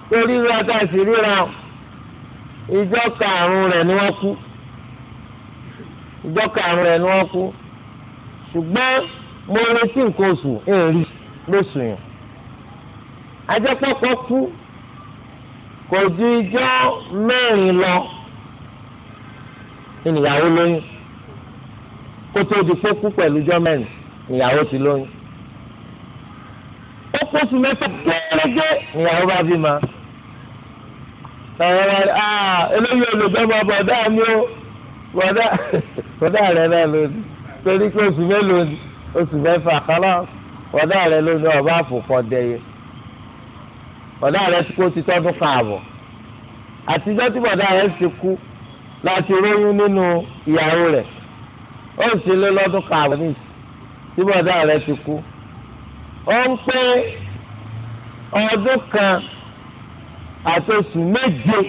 torí ríra tá a sì ríra ìjọ karùn-ún rẹ̀ ni wọ́n kú ìjọ karùn-ún rẹ̀ ni wọ́n kú ṣùgbọ́n mo retí nǹkan oṣù èèrí lóṣù yẹn ajẹ́pọ̀pọ̀ kú kò ju ijọ́ mẹ́rin lọ ìyàwó lóyún kó tó di pé kú pẹ̀lú ijọ́ mẹ́rin ìyàwó ti lóyún ó kó oṣù mẹ́fà gẹ́gẹ́ ìyàwó bá bí ma ah, eléyìí olùgbẹ́ bọ̀ bọ̀dá mi ó [LAUGHS] bọ̀dá rẹ̀ náà lónìí torí pé oṣù mélòó ni oṣù mẹ́fà kálá ọ̀dà rẹ lónìí ọba àfòkọ́ dẹyẹ ọ̀dà rẹ ti kó ti tọ́dún kan àbọ̀ àtijọ́ tí bọ̀dà rẹ ti kú láti róyún nínú ìyàwó rẹ̀ ó sì lé lọ́dún kan àbọ̀ ní tí bọ̀dà rẹ ti kú ó ń pé ọdún kan àti oṣù méje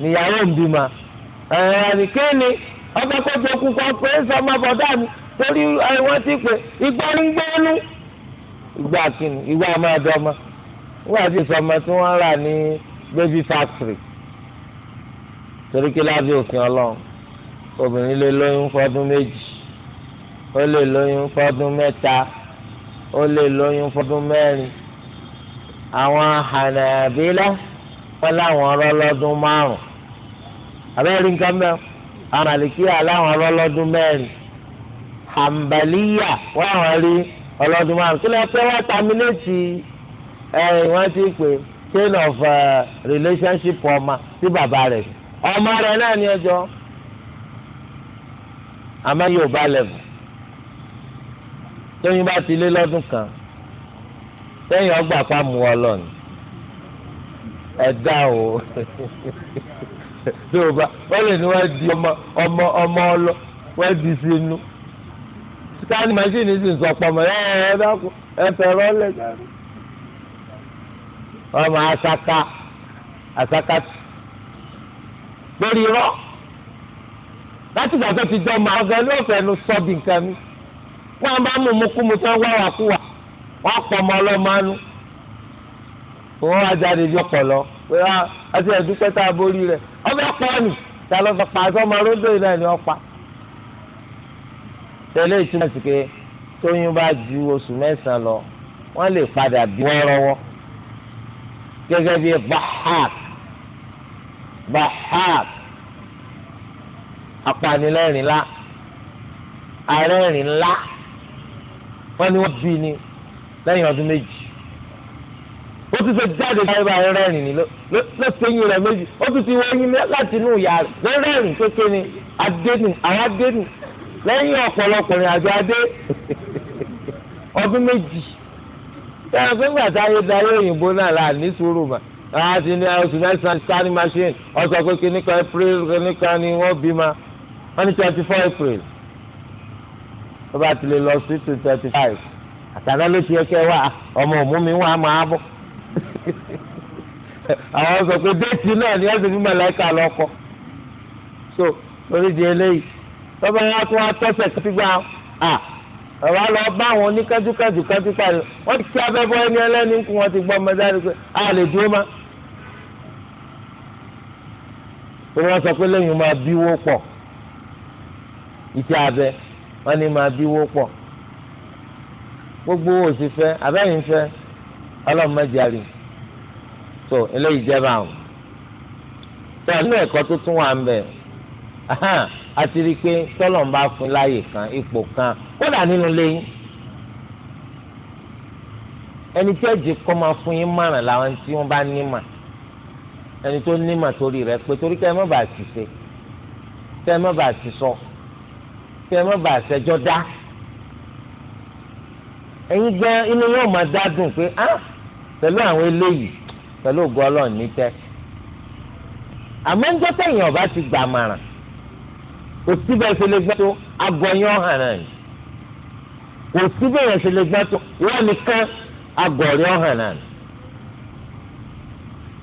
níyàwó ń bímọ ẹ̀rọ àníkéènì ọbẹ̀ kọjọ kú kọ pé sọmọ bọ̀dá mi torí wọ́n ti pè ìgbà ń gbẹ́nu. ìgbà kìnnì ìgbà máa dọ́mọ wọ́n àti sọmọ tí wọ́n rà ní baby factory torí kí lábẹ́ òfin ọlọ́run obìnrin lè lóyún fọ́dún méjì ó lè lóyún fọ́dún mẹ́ta ó lè lóyún fọ́dún mẹ́rin àwọn hànàbílẹ̀ wọn láwọn ọlọ́lọ́dún márùn abẹ́rẹ́ nǹkan mẹ́rin amalikiya aláwọn ọlọ́lọ́dún mẹ́rin hambaliya wọ́n àwọn rí ọlọ́dún márùn kí ló pé wọ́n tàmílẹ́tì wọ́n ti pè chain of relationship ọmọ sí bàbá rẹ̀ ọmọ rẹ̀ náà ní ẹjọ́ àmọ́ yóò bá lẹ́bù tóyún bá ti lé lọ́dún kan sẹ́yìn ọgbà pa mú ọ lọ́nà ẹ̀dá o. [LAUGHS] yorùbá wọ́n lè ní wọ́n di ọmọ ọmọ ọmọ ọlọ wọ́n di sí inú sítánì màṣíìnì sì ń sọ pọ̀ mọ́ ẹ ẹ dákú ẹ fẹ̀rọ lẹ̀ jáde. ọmọ asaka asaka lórí irọ́ láti ìgbà tó ti jọ ọmọ ọgá ẹni ọ̀fẹ́ nu sọ́ọ̀bì nǹkan mi wọ́n bá mú mu kú mu tán wá wà kú wà pọ̀ ọmọ ọlọ́mọ ánú wọ́n wá jáde bí ọ̀pọ̀ pé ah, a àti ẹ̀dúpẹ́ tá a borí rẹ̀ ọbẹ̀ pọ̀ nì tá a lọ fẹ́ pa sọ́mọ ródò yìí náà ni wọ́n pa. tẹ̀lé ìtumọ̀ sí pé tóyún bá ju oṣù mẹ́sàn-án lọ wọ́n lè padà bí wọ́n rọ́wọ́ gẹ́gẹ́ bí bahak bahak apanilẹ́rìn la arẹ́rìn la wọ́n ní wọ́n bí ni lẹ́yìn ọdún méjì ó tún ṣe jáde láyé bá rẹ́rìn ní lọ́sẹ̀yìn rẹ̀ méjì ó tún ti wọ́n láti inú ìyá rẹ̀ rẹ́rìn kékeré ni adénù àwọn adénù lẹ́yìn ọ̀pọ̀lọpọ̀rin àjọ adé [LAUGHS] ọdún méjì yàrá fún gbàtà ayédáyé òyìnbó náà là ní sùúrù mà láà ti ní oṣù mẹ́sàn-án sani machine ọ̀sọ̀ pé kíníkan april kíníkan ni wọ́n bí ma wọ́n ní twenty four april tó bá ti lè lọ sí twenty five àtàlẹ́ ló ti yẹ kẹ́ wá ọmọ òmùmí wọn á máa [LAUGHS] àwọn sọ pé déètì náà ni ẹsẹ̀ mímọ̀ láìka lọ́kọ so lórí di eléyìí tọ́ba yẹn tó wá tọ́sẹ̀ gbígbà à bàbá lọ bá àwọn oníkájúkájú kájú parí wọ́n ti kí abẹ́bọ́ ẹni ẹlẹ́ni ń kú wọn ti gbọ́ ọmọ dáadé pé a lè dúró má. pé wọ́n sọ pé lẹ́yìn máa bíwó pọ̀ iṣẹ́ abẹ wọ́n ní máa bíwó pọ̀ gbogbo òsì fẹ́ abẹ́yìn fẹ́ ọlọ́run mẹ́jẹ̀rì tó eléyìí jẹ́ báwọn. tó nínú ẹ̀kọ́ tó tún wà ń bẹ̀ a ti rí i pé tọ́lọ̀ ń bá fún láàyè kan ipò kan kódà nínú lẹ́yìn ẹni tí ẹ̀jẹ̀ kọ́ máa fún yín márùn làwọn tí wọ́n bá nímà ẹni tó nímà torí rẹ̀ pé torí kẹ́ ẹ má bàa sì ṣe kẹ́ ẹ má bàa sì sọ kẹ́ ẹ má bàa ṣẹjọ́ dá ẹ̀yin gan inú yóò máa dá dùn pé ah pẹ̀lú àwọn eléyìí pẹ̀lú ògùn ọlọ́run ní tẹ́ àmọ́ ń jẹ́ sẹ́yìn ọba ti gbà màrà kò síbẹ̀ ṣe lè gbà tó agọ̀yán hàn náà ni kò síbẹ̀ yẹn ṣe lè gbà tó wọ́n nìkan agọ̀rẹ́ hàn náà ni.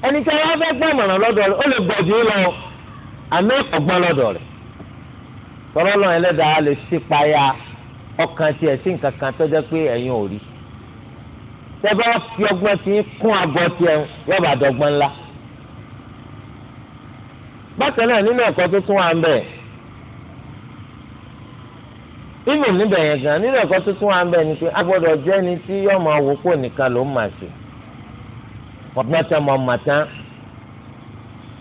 ẹni tí wọ́n fẹ́ gbà màrà lọ́dọ̀ rẹ̀ ó lè gbọ̀ jù ú lọ àmì ọ̀gbọ́n lọ́dọ̀ rẹ̀ tọ́lọ́lọ́ ẹlẹ́dàá lè ṣípayá ọkàn tiẹ̀ sí nǹkan kan tó pé ẹ̀yin ò rí tẹ́bá fi ọgbọ́n tí ń kún abọ́ tiẹ̀ yóò bá dọ́gbọ́n ńlá. bákan náà nínú ẹ̀kọ́ tó tún wà ń bẹ̀ ìmì níbẹ̀ yẹn gan nínú ẹ̀kọ́ tó tún wà ń bẹ̀ ni pé a jẹ́ ni tí yóò máa wò pò nìkan ló ń mà sí. ọgbọ́n tẹ mọ mà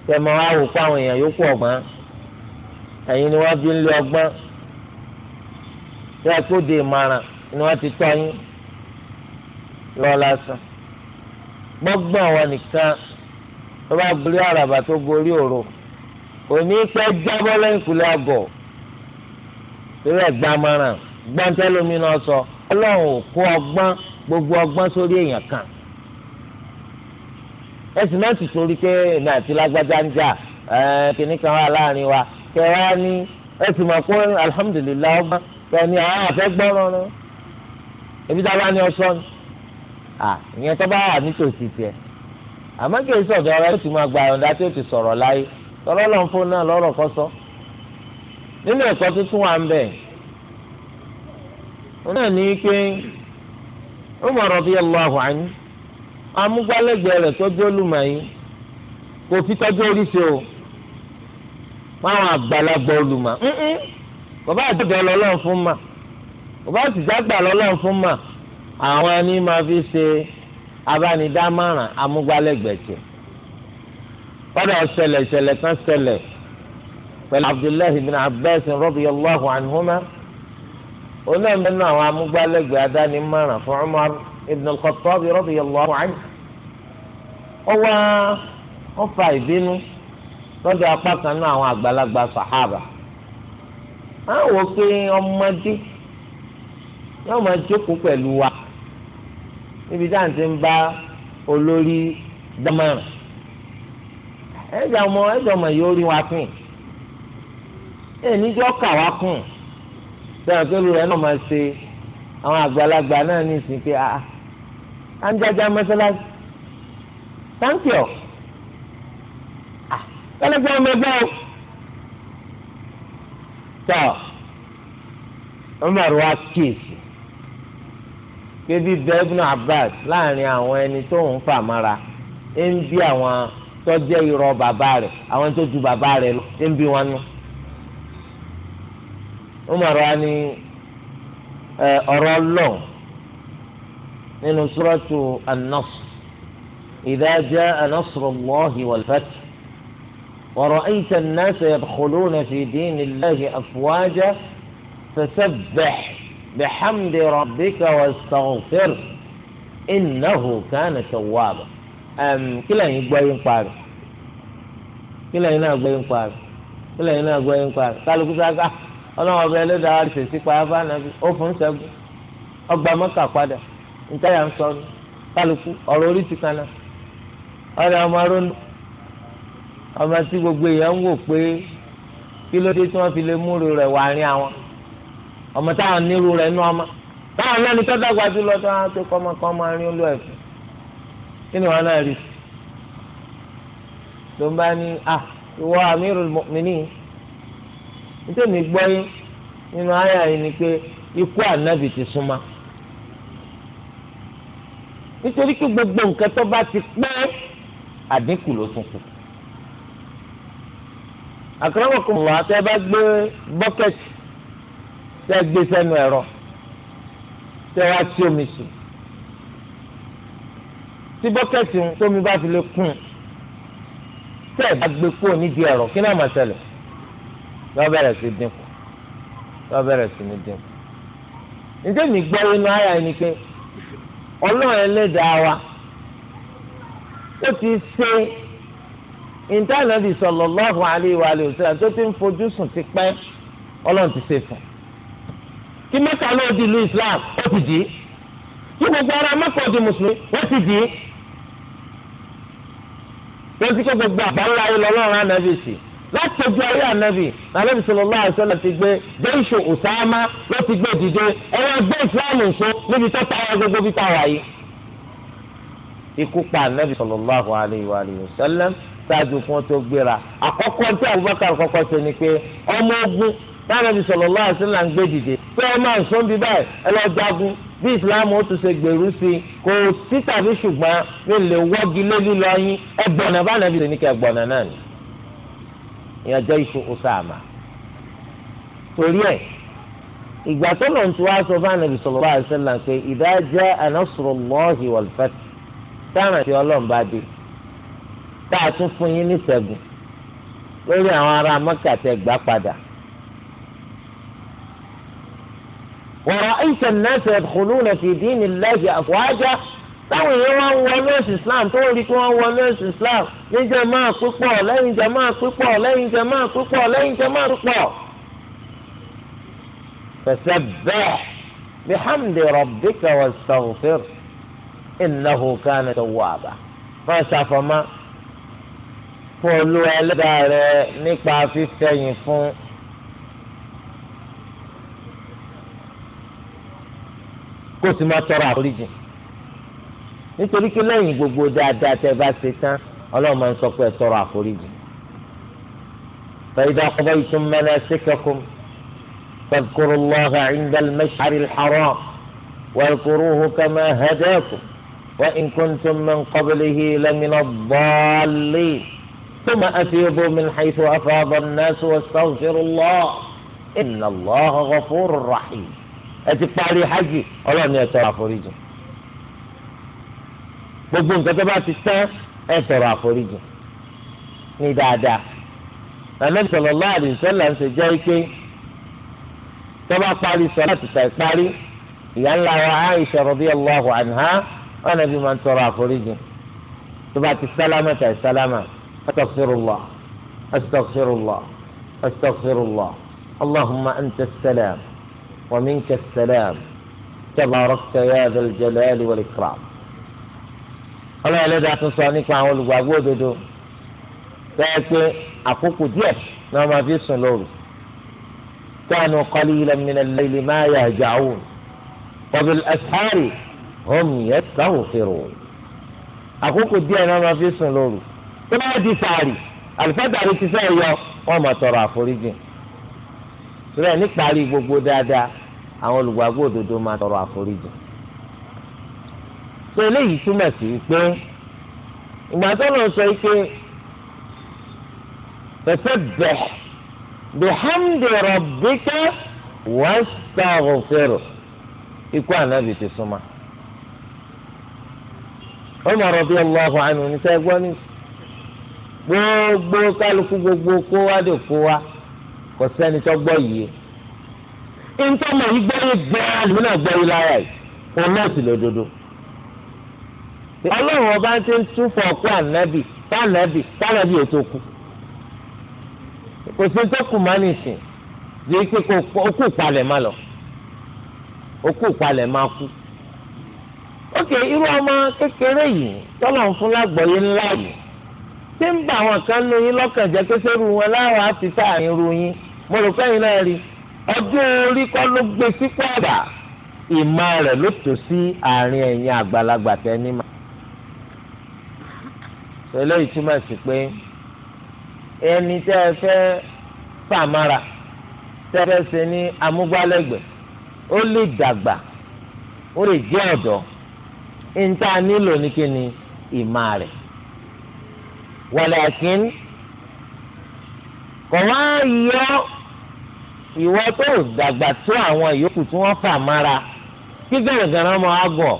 tẹ mọ wá wò àwọn èèyàn yòókù ọgbọ́n ẹ̀yin ni wọ́n fi ń lé ọgbọ́n tẹ́ ẹ tó de ìmọ̀ràn ni wọ́n ti tọ́ yín irọ́ lásán gbọ́gbọ́n wọn nìkan tó bá borí àràbà tó borí òru òní pẹ́ jábọ́ lẹ́yìn kùlẹ̀ àgọ̀ torí ẹ̀gbá márùn gbọ́ntẹ́lómi náà sọ ọlọ́run ò kó ọgbọ́n gbogbo ọgbọ́n sórí èèyàn kan ẹsìn náà sì torí pé èmi àti lágbájá ń jà kìnnì kan wà láàrin wa kẹwàá ní ẹsìn mọ̀ pé alihamudulilayi ọgbọ́n kẹ́ni àwọn àfẹ́gbọ́n rọrùn ebi tá a bá ní ọsọ ni. a ìyẹn tó bá wà nítòsí tiẹ̀ àmọ́ kí èso ọ̀dọ̀ ọ̀rẹ́ tó máa gba àyọ̀ǹda tó ti lọrọ láyé tọ́lọ́ lọ́n fún náà lọ́rọ̀ kọ́ nínú ẹ̀kọ́ tuntun wa ń bẹ̀ wọn náà ní pé Umar radiyallahu rẹ̀ tọ́jú kò fi tọ́jú oríṣi o bàbá fún bàbá fún àwọn ẹni máa fi ṣe abánidámọ̀ràn amúgbálẹ́gbẹ̀tì kọ́dọ̀ ṣẹlẹ̀ ṣẹlẹ̀ kan ṣẹlẹ̀ pẹ̀lú abdullahi bin abbas radiyallahu anhuma onáìmẹ́nu àwọn amúgbálẹ́gbẹ̀ẹ́ adánimọ̀ràn fún umar ibn al-khattab radiyallahu anhu ó wá ó fa ìbínú lọ́dọ̀ apá kan náà àwọn àgbàlagbà sàhábà á wò pé ọmọdé yóò máa jókòó pẹ̀lú wa níbi tí à ń ti ń bá olórí dámọ̀ràn ẹ̀jẹ̀ ọmọ ẹ̀jẹ̀ ọmọ yìí ó rí wa kùn ènìjọ́ kà wá kùn sọ̀rọ̀ pé olùrẹ̀ náà máa ṣe àwọn àgbàlagbà náà ní ìsìn pé àá ah, à ń jájá mọ́sálásí táǹkì ọ̀ kọ́lẹ́gbẹ́ ah, ọmọ ẹgbẹ́ o tọ́ ọmọ rẹ̀ wá kíyèsí kébí bẹ́ẹ̀ Ibn Abbas láàrin àwọn ẹni tó ń fà mára ń bí àwọn tó jẹ́ irọ́ bàbá rẹ̀ àwọn tó ju bàbá rẹ̀ lọ ń bí wọn nú. Umar wa ni ọ̀rọ̀ lọ́n nínú suratu an-Nasr idha jaa nasrullahi ورأيت الناس يدخلون في دين الله أفواجا فسبح بحمد ربك واستغفر إنه كان توابا أم كلا يقبين na كلا ينا يقبين كلا ينا يقبين قالوا كذا ọlọ́run ọba ẹlẹ́dàá ọmọ táwọn nírú rẹ̀ nú ọmọ táwọn náà ní tó dàgbà jù lọ tó àwọn tó kọ́mọ kọ́ máa rí olú ẹ̀fọ́ kí ni wọn náà rí ló ń bá ní à ìwọ Amirul Mu'minin nítorí mi gbọ́ yín nínú àyà yìí ni pé ikú ànábì ti súnmọ́ nítorí pé gbogbo nǹkan tó bá ti pẹ́ àdínkù ló tún kù àkàràwọ̀ kò mọ̀ àti ẹ bá gbé bọ́kẹ́tì tẹ́ gbé sẹ́nu ẹ̀rọ tẹ́ wá sí omi sí tí bọ́kẹ́tì tómi bá fi lè kún tẹ́ bá gbé kúrò nídìí ẹ̀rọ kí náà máa ṣẹlẹ̀ lọ́ọ́ bẹ̀rẹ̀ sí dínkù lọ́ọ́ bẹ̀rẹ̀ sí ní dínkù ǹjẹ́ mi gbọ́ inú ara ẹni pé ọlọ́run ẹlẹ́dàá wa ó ti ṣe ìtànàbì sallallahu alaihi wa alihi wasallam tó ti ń fojú sùn ti pẹ́ ọlọ́run ti ṣe fún un kí mẹ́ta ló di ìlú islam ó ti dì í kí gbogbo ara mẹ́kọ̀ọ́ di mùsùlùmí ó ti dì í lọ́sí kó gbogbo àbáwọlá yìí lọ́lọ́run ànábì sí láti ojú ayé ànábì ànábì sallallahu alaihi wasallam ti gbé jẹ́ǹsù Usama ló ti gbé dìde ẹ̀rọ ẹgbẹ́ ìsìláàmù nṣó níbi tó tàwa gbogbo bí tàwa yìí. ikú pa ànábì sallallahu alaihi wa alihi wasallam ṣáájú fún tó gbéra àkọ́kọ́ tí báyọ̀ bí sọ̀rọ̀ lọ́wọ́ àti ńlá ń gbé dìde bẹ́ẹ̀ máa ń sọ́n bí báyìí ẹ lọ jagun bí ìsìláàmù ó tún ṣe gbèrú sí i kò sí tàbí ṣùgbọ́n mi lè wọ́gi lé lílọ yín ẹ gbọ̀nà bá nàbí lóní kẹ gbọ̀nà náà ni ìyẹn jẹ́ iṣu Usama torí ẹ̀ ìgbà tó lọ́n tún wá sọ bá nàbí sọ̀rọ̀ lọ́wọ́ àti ńlá pé idha jaa nasrullahi wal fath ورأيت الناس يدخلون في دين الله أفواجا تو يوا ونس إسلام تو يكون ونس إسلام لين جماعة كوكو لين جماعة كوكو لين جماعة كوكو لين جماعة كوكو فسبح بحمد ربك واستغفر إنه كان توابا فسافا ما فولو ألدار نكبا في فين فون kó sì máa tọrọ àforíjì nítorí pé lẹ́yìn gbogbo dáadáa tẹ́ bá ṣe tán ọlọ́run máa ń sọ pé ẹ tọrọ àforíjì. فإذا قضيتم مناسككم فاذكروا الله عند المشعر الحرام واذكروه كما هداكم وإن كنتم من قبله لمن الضالين ثم أفيضوا من حيث أفاض الناس واستغفروا الله إن الله غفور رحيم ẹ ti parí hajj ọlọ́run ni ẹ tọrọ àforíjì gbogbo nǹkan tó bá ti tán ẹ tọrọ àforíjì ní dáadáa Ànábì sallallahu alaihi wasallam ń ṣe jẹ́ pé tó bá parí sọlá ti tà ìparí ìyá ńlá wa Aisha radiyallahu anha ọ̀nà bí máa ń tọrọ àforíjì tó bá ti sálámà tà ìsálámà astaghfirullah astaghfirullah astaghfirullah allahumma anta salam. ومنك السلام تباركت يا ذا الجلال والإكرام ọlọ́run ẹlẹ́dàá tún sọ nípa àwọn olùgbàgbọ́ òdodo bẹ́ẹ̀ pé àkókò díẹ̀ ni wọ́n máa fi sùn lóru kánú kọ́lí ilẹ̀ mìíràn lẹ́yìn máa yà jà ó kọ́bìlì ẹ̀sárì hóm yẹ káwọ́ fèrò àkókò díẹ̀ ni wọ́n máa fi sùn lóru tó bá di sàárì àlùfáàdàrí ti fẹ́ yọ wọ́n máa tọrọ àforíjì rẹ̀ níparí gbogbo dáadáa àwọn olùgbàgbọ́ òdodo máa tọrọ àforíjì sọ eléyìí túmọ̀ sí pé ìgbà tó lọ sọ pé fasabbih bihamdi rabbika wastaghfir ikú ànábì ti súnmọ́ Umar radiyallahu anhu ní sẹ́gbọ́n ní gbogbo kálukú gbogbo kó wá dé kó wá kò sẹ́ni tó gbọ́ yìí ntọ́mọ yìí gbẹ́yìí gbẹ́yà lóun náà gbẹ́yìí lára yìí òun náà sì lódodo. ọlọ́run ọba ti ń túfọ̀ ọkọ ànábì tànábì tànábì ètò kù kò sí tó kù má nìsín bí pé okú ìpalẹ̀ má lọ okú ìpalẹ̀ má kú. ókè irú ọmọ kékeré yìí tọ́lọ̀ ń fún lágbọ̀ọ́yé ńlá yìí tí ń bá àwọn kan lóyún lọ́kàn jẹ́ pé wọn láwọn á ti sáà ru yín. mo rò fẹ́yìn náà rí ọdún orí kọ́ ló gbé sípò àbà ìmọ̀ rẹ̀ ló tò sí àárín ẹ̀yìn àgbàlagbà ẹni tẹ́ ẹ fẹ́ tẹ́ ẹ fẹ́ ṣe ní amúgbálẹ́gbẹ̀ẹ́ ó lè dàgbà ó lè jẹ́ ọ̀dọ́ níta nílò ní kíni ìmọ̀ rẹ̀ àkín kò wá yọ. ìwọ tó dàgbà tó àwọn ìyókù tí wọ́n fà mára kí gànàgànà ọmọ àgọ̀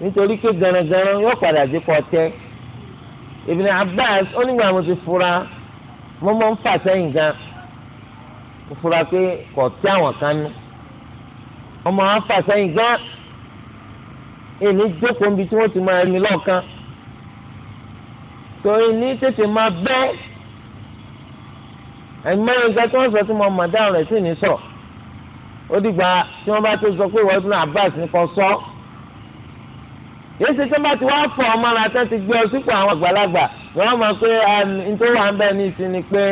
nítorí pé gànàgànà yóò padà dé kọ tẹ́ Ibn Abbas onígbà mo ti fura mo mọ ń fà sẹ́yìn gan mo fura pé kò tí àwọn kan nú ọmọ wọn fà sẹ́yìn gan èmi jókòó níbi tí wọ́n ti máa rí mi lọ́ọ̀kan torí ní tètè máa bẹ́ẹ̀ ẹ̀mẹ́rin nǹkan tí wọ́n sọ tí mo mọ̀ dáhùn rẹ̀ sì ní sọ̀rọ̀ ó dìgbà tí wọ́n bá tó sọ pé ìwọ́n tún Abbas ní kò sọ. yéèsì tí wọ́n bá ti wá fọ ọmọ ara tán ti gbé ọ sípò àwọn àgbàlagbà ni wọ́n mọ̀ pé um, nítorí wà ń bẹ̀ ní ìsìn ni pé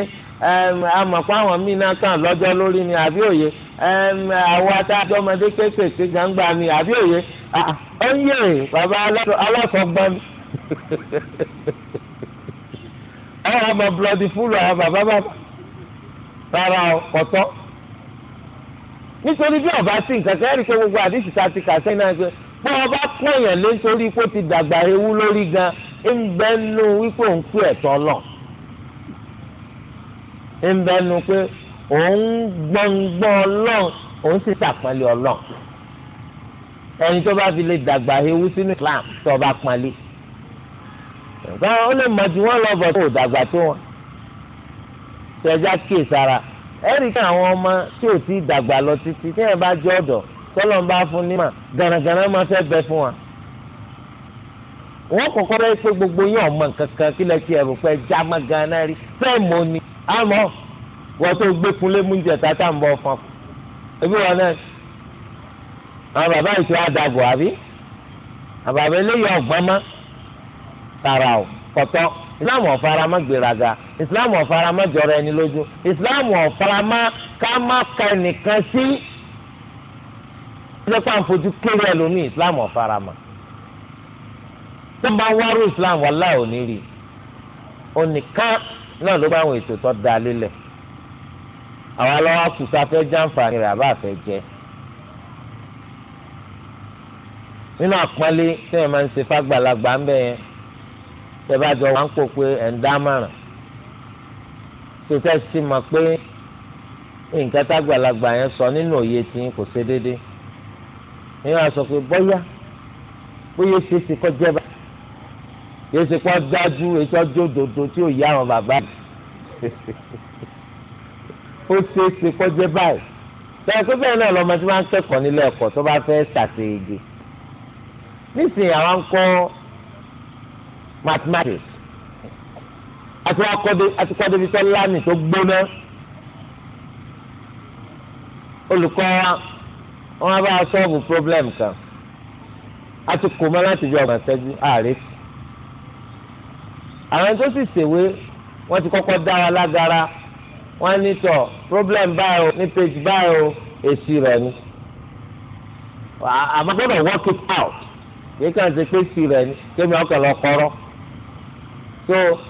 àmọ̀ um, pé àwọn míì náà kàn lọ́jọ́ lórí ni àbí òye um, àwọn atájọ́ ọmọdé kéékèèké gbangba ni àbí òye ó ń yè bàbá alọ́sọ̀gbọ́n àwọn [LAUGHS] ọmọ búlọ́dì fúlù àwọn bàbá bàbá rárá ọ̀tọ̀ nítorí bí ọba sí nǹkan kẹ́rì pé gbogbo àdìsí ta ti kà sẹ́yìn náà pé bí wọ́n bá kún èèyàn lé nítorí pé ó ti dàgbà ewu lórí gan ń bẹ́ nu wípé òun kú ẹ̀tọ́ lọ ń bẹ́ nu pé òun gbọ̀ngbọ̀n ọlọ́run òun sì sàpọ́nlé ọlọ́run ẹni tó bá fi lè dàgbà ewu sínú Islam tó bá pọ́nlé. ó lè mọ̀ ju wọ́n lọ tó dàgbà tó wọn tẹjá kíè sára ẹ̀rí kí àwọn ọmọ tí ò ti dàgbà lọ títí tí yẹn bá jẹ́ ọ̀dọ̀ tọ́lọ̀ ń bá fún ní mà gànàgànà máa fẹ́ bẹ fún wa. wọ́n kọ́kọ́ rẹ́ pé gbogbo yín ọmọ kankan kí lẹ ti ẹ̀rù pé já má gánà rí fẹ́ẹ̀ mọ́ ni àmọ́ wọ́n tó gbé kunlé mú jẹ tata ń bọ̀ fún ọ. ebi wọn náà àwọn bàbá ìṣó àdàbò àbí àbàbà eléyìí ọ̀gbọ́n islam ọ̀farama gbéraga islam ọ̀farama jọra ẹni lójú islam ọ̀farama ká má ka ẹnìkan sí ẹjọ́ pàm fojú kéré ẹ lómi islam ọ̀farama tó bá wárú islam wàhálà ò ní rí onìkan náà ló bá àwọn ètò tó da lélẹ̀ àwa lọ́wọ́ àkùsà fẹ́ jàǹfààní rẹ̀ àbá fẹ́ jẹ́ nínú àpọ́nlé tẹ́yìn máa ń ṣe fágbàlagbà ń bẹ̀ yẹn tẹ́bá jọ wá ń pò pé ẹ̀ ń dámọ̀ràn tòtẹ́ sì mọ̀ pé nǹkan tágbàlagbà yẹn sọ nínú òye tí kò ṣe déédé ní wàá sọ pé bọ́yá bóyá ṣe é ṣe kọ́ jẹ́ bá yóò ṣe kọ́ dájú ètò ọjọ́ òdòdó tí ò yá àwọn bàbá [LAUGHS] ó ṣe é ṣe kọ́ jẹ́ báyìí bẹ́ẹ̀ pé bẹ́ẹ̀ náà lọ́mọ tí wọ́n kẹ́kọ̀ọ́ nílé ẹ̀kọ́ tó bá fẹ́ ṣàṣeyege nísìnyí àwọn ń kọ́ mathematics atukọ débi sọ lánìí tó gbóná olùkọ́ wa wọ́n bá a sọ́ọ̀bù problem kan atukọ mọ́ láti bí ọgbà sẹ́jú ààrẹ sí àwọn tó sì ṣèwé wọ́n ti kọ́kọ́ dá wa lágara wọ́n ní tọ̀ problem báyìí o ní page báyìí o èsì rẹ̀ ni àmọ́ gbọ́dọ̀ work it out yìí kàn ṣe pé èsì rẹ̀ ni kémi ọkọ̀ lọ kọ́rọ́ so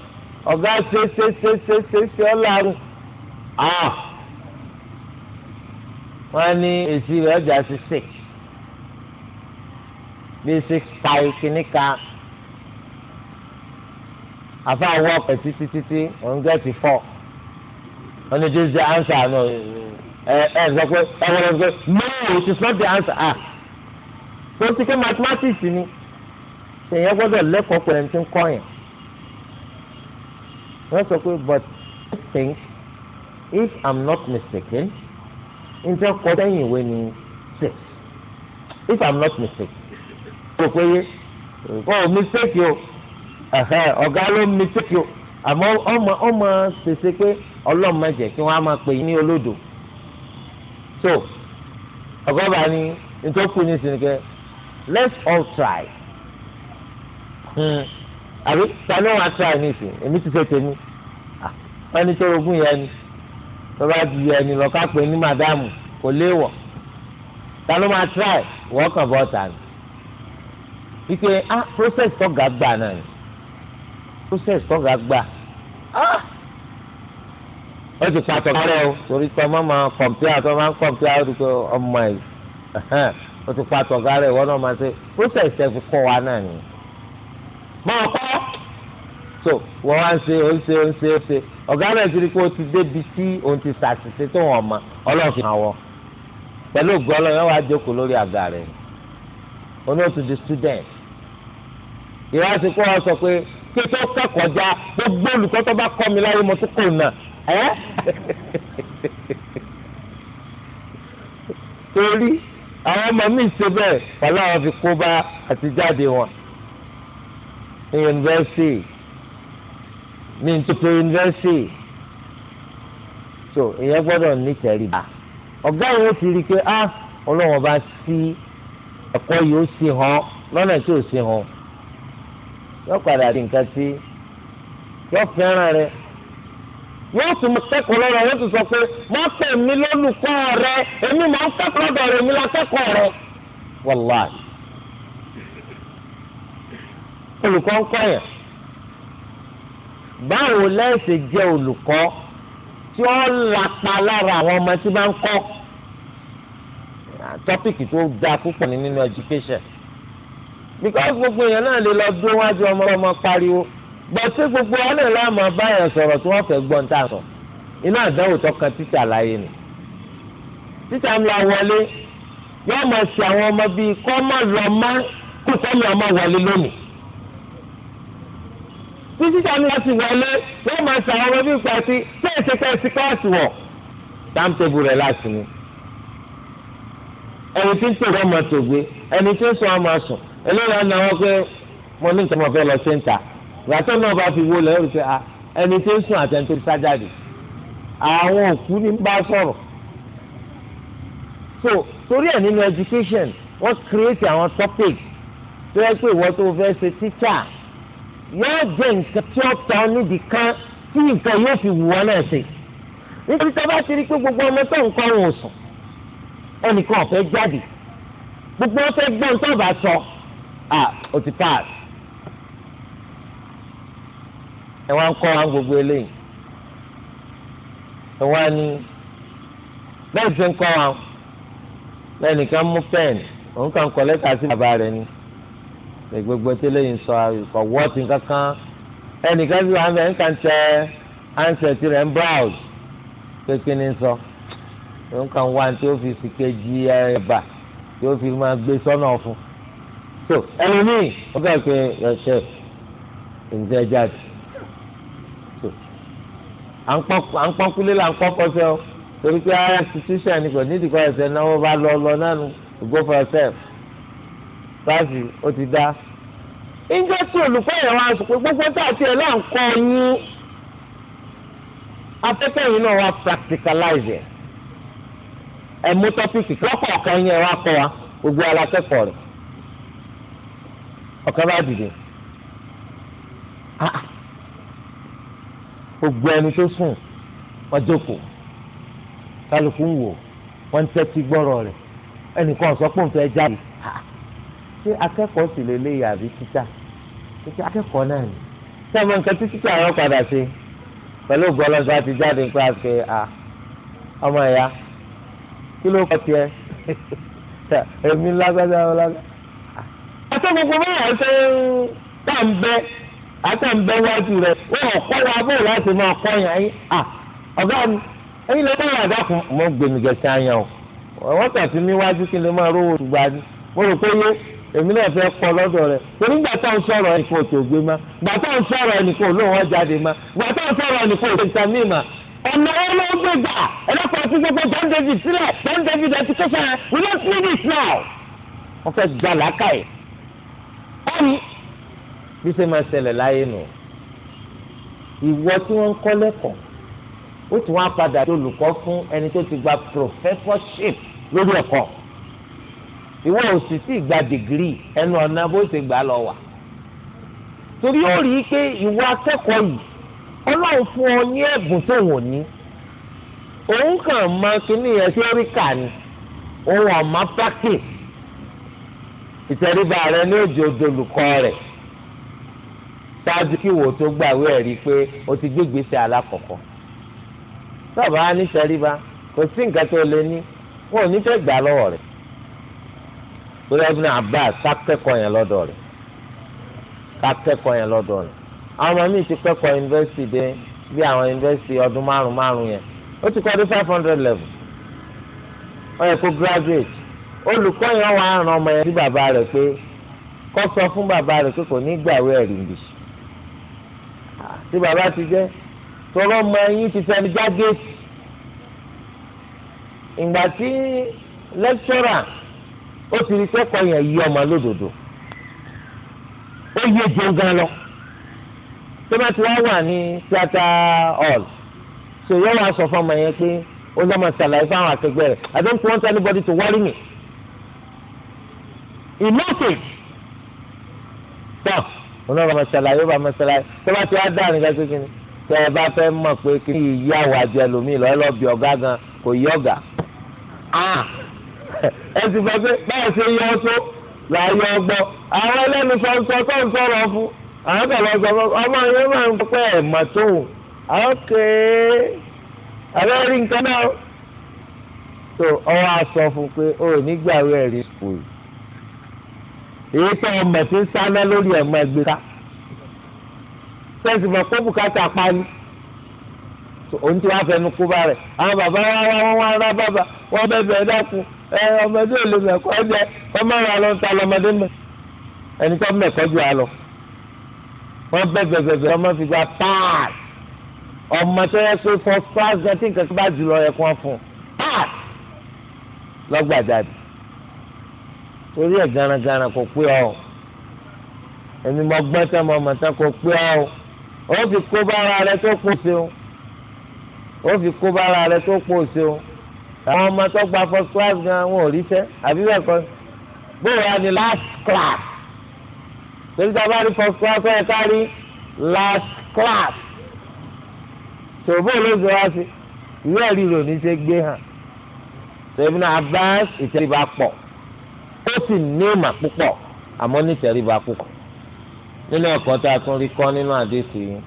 ọ̀gá ṣe ṣe ṣe ṣe ṣe ṣe ọ́ lárú ah wọ́n ní èsì rẹ̀ ọjà sí six bíi six five kìnnìkà àfa wọ́ ọ̀pẹ̀ títí títí òun gẹ̀ẹ́tì four wọ́n ní jésù answer náà ẹ ẹ sọ pé pé no it is not the answer ah tó ti ké mathematics ni ṣèyàn gbọ́dọ̀ lẹ́kọ̀ọ́ pẹ̀lú ẹni tí ń kọ́ yẹn wọ́n sọ pé but I think if I'm not mistaken njẹ́ kọ́ sẹ́yìn ìwé ni six if I'm not mistaken kò pé yé kò ò mistake o ọ̀gá ló mistake o àmọ́ ọmọ ọmọ ṣèṣe pé ọlọ́mọ jẹ́ kí wọ́n á máa pè yín ní olódò so ọgọ́ba ni nítorí kù ní sinikẹ́ let's all try. Hmm àbí tani wọn atra ní ìsìn èmi ti ṣe tèmi ah, wọn ní tó ogún yẹn ni tó bá di yẹn ni lọ́ka pé ní màdámù kò léwọ̀ tani wọn atra wọ́n kàn bọ́ ta ni wípé ah process tọ́gà gbà náà ni process tọ́gà gbà ah ó ti pàtó kárẹ́ o torí pé ọmọ máa kọ̀mpíà tó máa ń kọ̀mpíà ó ti pé ọmọ yìí ó ti pàtó kárẹ́ ìwọ náà máa ṣe process ẹ̀ fi kọ́ wa náà ni máa kọ́ so wọ́n wá ń ṣe ó ń ṣe ó ń ṣe ó ṣe ọ̀gá rẹ̀ ti rí pé ó ti débi tí òun ti ṣàṣìṣe tó wọ̀n mọ́ ọlọ́ọ̀fin àwọ̀ pẹ̀lú ògùn ọlọ́yìn wàá jókòó lórí àga rẹ̀ oní oṣù di student ìwádìí kó wọn sọ pé kí tó kẹ́kọ̀ọ́ já gbogbo olùkọ́ tó bá kọ́ mi láyé mo tún kò nà ẹ́ [LAUGHS] torí àwọn ọmọ mi ṣe bẹ́ẹ̀ pẹ̀lú àwọn fi kó bá àtijáde wọn ní yunifásitì ní ntòkè yunifásitì so ìyẹn gbọ́dọ̀ ní tẹríba ọ̀gá yẹn ti rí i pé ah ọlọ́wọ́n bá sí ẹ̀kọ́ yìí ó sì hàn lọ́nà tí ò sí hàn yóò padà di nǹkan tí yóò fẹ́ràn rẹ yóò tún mọ kẹ́kọ̀ọ́ lọ́rọ̀ yóò tún sọ pé má pè mí lólùkọ́ rẹ èmi máa ń kẹ́kọ̀ọ́ lọ́dọ̀ mi lákẹ́kọ̀ọ́ rẹ wàláì olùkọ́ ń kọ́ yẹn báwo lẹ́sẹ̀ jẹ́ olùkọ́ tí ó lapa lára àwọn ọmọ tí bá ń kọ́ tọ́pìkì tó dáa púpọ̀ ní nínú education because gbogbo èèyàn náà lè lọ dúró wájú ọmọ ọmọ pariwo gbọ̀tí gbogbo wọn náà láàmú abáyọ̀ sọ̀rọ̀ tí wọ́n fẹ́ gbọ́n tá a sọ iná àdánwò tọkàn títà láyé ni títà ń lọ wọlé yóò máa ṣe àwọn ọmọ bíi kọ́ mọ̀ lọ́mọ́ kó sẹ́yìn ọmọ wọlé lónìí tí títà ní láti wọlé wọ́n máa ṣe àwọn ọmọ bí ìgbà tí tẹ̀sí tẹ̀sí kíláàsì wọ̀ táǹtẹ̀bù rẹ̀ láti ni. ẹni tí ń tòrọ máa tògbé ẹni tí ń sọ ọmọ sùn eléyàá náà wọ́n pé mo ní nǹkan mo fẹ́ lọ sẹ́ńtà ìgbàtọ́ náà bá fi wọlé ẹ̀rù pé ah, ẹni tí ń sùn àtẹ̀ntò sájáde àwọn òkú ni bá sọ̀rọ̀ so torí ẹ̀ nínú education wọ́n create àwọn topics tó yẹ pé ìwọ tó fẹ́ ṣe teacher yóò jẹ́ nǹkan tí ó tọ́ nídìí kan tí nǹkan yóò fi wù wọ́n náà ṣe nítorí tá a bá ti rí i pé gbogbo ọmọ tó ń kọ́ òun sùn ẹnìkan ọ̀fẹ́ jáde gbogbo ọ̀fẹ́ gbọ́n tó bá sọ à ó ti pass ẹ wá ń kọ́ wa gbogbo eléyìí ẹ wá ní bẹ́ẹ̀ ṣe ń kọ́ wa lẹ́nìkan mú pẹ́ẹ̀nì òun kàn kọ́ lẹ́tà sí bàbá rẹ̀ ni gbogbo tẹ́lẹ̀ yìí sọ àyùkọ wọ́ọ̀tì kankan ẹnìkan bí wàá bẹ ń kàn tẹ ansẹtì rẹ ń browse kékeré ní sọ ló ń kàn wá tí ó fi sike jí ẹ̀bà tí ó fi máa gbé sọ́nà fún so ẹlòmíì ó kẹ́ pé ẹ̀ṣẹ̀ ǹjẹ́ jáde so à ń pọ́n kúlé là ń pọ́n kọsẹ́ o torí pé ara institution ni kò nídìí kọ́ ẹ̀sẹ̀ náà wọ́n bá lọ lọ náà nù go for yourself sáfì ó ti dá níjẹ́ tí olùkọ́ yẹn wá sọ pé gbogbo tá a ti ẹ̀ náà ń kọ́ yín afẹ́fẹ́ yìí náà wá practicalize ẹ̀ ẹ̀ mú tọ́pìkì lọ́pọ̀ ọ̀kan yẹn wá kọ́ wa gbogbo alákẹ́kọ̀ọ́ rẹ̀ ọ̀kan bá dìde ah, ah. gbogbo ẹni tó sùn wọ́n jókòó kálukú ń wò wọ́n ń tẹ́tí gbọ́rọ̀ rẹ̀ ẹnìkan sọ pé jáde ṣé akẹ́kọ̀ọ́ sì lè lé yàrá títà ṣé akẹ́kọ̀ọ́ náà ni ṣé ọmọ nǹkan tí títà wọn padà ṣe pẹ̀lú gbọ́lọ́dún àti jáde nípa ṣe à ọmọ ẹ̀yà kí ló kọ́ tiẹ̀ [LAUGHS] èmi lágbájá wọn lágbájá. àti gbogbo báyọ̀ ṣe ń tà ń bẹ àti ń bẹ wájú rẹ wọn ò kọ́ wa bó láti máa kọ́ yàn yín à ọ̀gá mi ẹ̀yin lè báyọ̀ àdákùn mo gbèmìgẹ̀ṣẹ̀ àyàn o wọ́n tàbí mi wájú kí n lè máa rówó ṣùgbọ́n mo rò pé yé èmi náà fẹ́ kọ́ lọ́dọ̀ rẹ̀ torí gbà tá ń sọ̀rọ̀ ẹnì kan ò tó gbé ma gbà tá ń sọ̀rọ̀ ẹnì kan ò lóun wọn jáde ma gbà tá ń sọ̀rọ̀ ẹnì kan ò tó ta mí ma ọ̀nà wọn ló gbé gbà ẹlẹ́kọ̀ọ́ tí gbogbo John David sílẹ̀ John David ẹ̀ ti kó sọ̀rọ̀ we don't need this now wọ́n fẹ́ gbà lákà ẹ̀ ọ̀nì bí ṣe máa ṣẹlẹ̀ láyé nù ìwọ tí wọ́n ń kọ́ lẹ́kọ̀ọ́ ó ti wọ́n á padà olùkọ́ fún ẹni tó ti gba professorship ìwọ ò sì sí ìgbà dìgírì ẹnu ọ̀nà bó ṣe gbà lọ wà torí ó rí i pé ìwọ akẹ́kọ̀ọ́ yìí ọlọ́run fún ọ ní ẹ̀bùn tó wò ní òun kàn máa kíní yẹn sí oríkà ni òun ọ̀ma practice ìtẹríba rẹ ní òjò dolùkọ́ rẹ̀ ṣáájú kí wò tó gbàwé ẹ̀rí pé o ti gbégbèsè alákọ̀ọ́kọ́ tọ́ba á ní tẹríba kò sí nǹkan tó lé ní wọn ò ní fẹ́ gbà lọ́wọ́ rẹ̀ torí Ibn Abbas kákẹ́kọ̀ọ́ yẹn lọ́dọ̀ rẹ̀ kákẹ́kọ̀ọ́ yẹn lọ́dọ̀ rẹ̀ àwọn ọmọ mi ti kẹ́kọ̀ọ́ yunifásitì dé bí àwọn yunifásitì ọdún márùn márùn yẹn ó ti kọ́ dé five hundred level ó yẹ kó graduate olùkọ́ yẹn wà á ràn ọmọ yẹn sí bàbá rẹ̀ pé kó sọ fún bàbá rẹ̀ pé kò ní gbàwé ẹ̀rí nbì tí bàbá ti jẹ́ tọrọ ọmọ yín ti fẹ́ni jágéètì ìgbà lẹ́kítọ́rà ó ti rí kẹ́kọ̀ọ́ yẹn yí ọmọ lódodo ó yé jẹun lọ tó ti wá wà ní tíátà hall so yóò wá sọ fún ọmọ yẹn pé ó lọ́mọ ṣàlàyé fáwọn akẹgbẹ́ rẹ̀ I don't want anybody to worry me emotive tọ́ olórí ọmọ ṣàlàyé ọba ọmọ ṣàlàyé ti wá dá nìkan sí kíni tẹ ẹ bá fẹ́ mọ̀ pé kí ni ìyá àwọn àjẹlómi lọ́ọ́ lọ́ọ́ bí ọ̀gá gan kò yí ẹsìn fẹsẹ báyìí ṣe yọ ọtọ láàyè ọgbọ àwọn ẹlẹnu sọsọ tó ń sọ̀rọ̀ fún àwọn kàlọ sọsọ ọmọ yẹn máa ń pẹ ẹmọ tó wù àwọn kéé àwọn rí nǹkan náà tó ọwọ́ aṣọ fún pé ó nígbà wẹ rí skul èyí tó ọmọ tí ń sáná lórí ẹmọ ẹgbẹ́ ká sẹsì mọ kó bùkátà pa ni òun ti wá fẹnu kú bá rẹ àwọn bàbá wa wọn wá rá bàbá wọn bẹbẹ dákun ẹ ọmọdé ò lè mẹ̀kọ́ jẹ ọmọ rẹ lọ ta lọmọdé mẹ ẹni tó mẹ̀kọ́ ju alọ wọn bẹ bẹbẹbẹ ọmọ fi gba paas ọmọ tó yẹ pé fọ paas náà tí nǹkan tó bá jù lọ yẹ kó wọn fún paas lọgbàjáde torí ẹ garagara kò pé ọ èmi mọ gbọ́n mọ ọmọ kò pé ọ ó fi kó bára rẹ tó pọ̀ sí o ó fi kó bára rẹ tó pọ̀ sí o àwọn ọmọ tó gba first class gan wọn ò ríṣẹ́ àbí bẹ́ẹ̀ kọ́ bóyá ni last class torí tá a bá rí first class ọ̀ yẹ ká rí last class tòbó olóògbé wá sí ìwé ẹ̀rí ìròyìn ṣe gbé hàn tòbí náà Abbas ìtẹríba pọ̀ ó sì ní ìmà púpọ̀ àmọ́ ní ìtẹríba púpọ̀ nínú ẹ̀kọ́ tá a tún rí kọ́ nínú àdéhùn yìí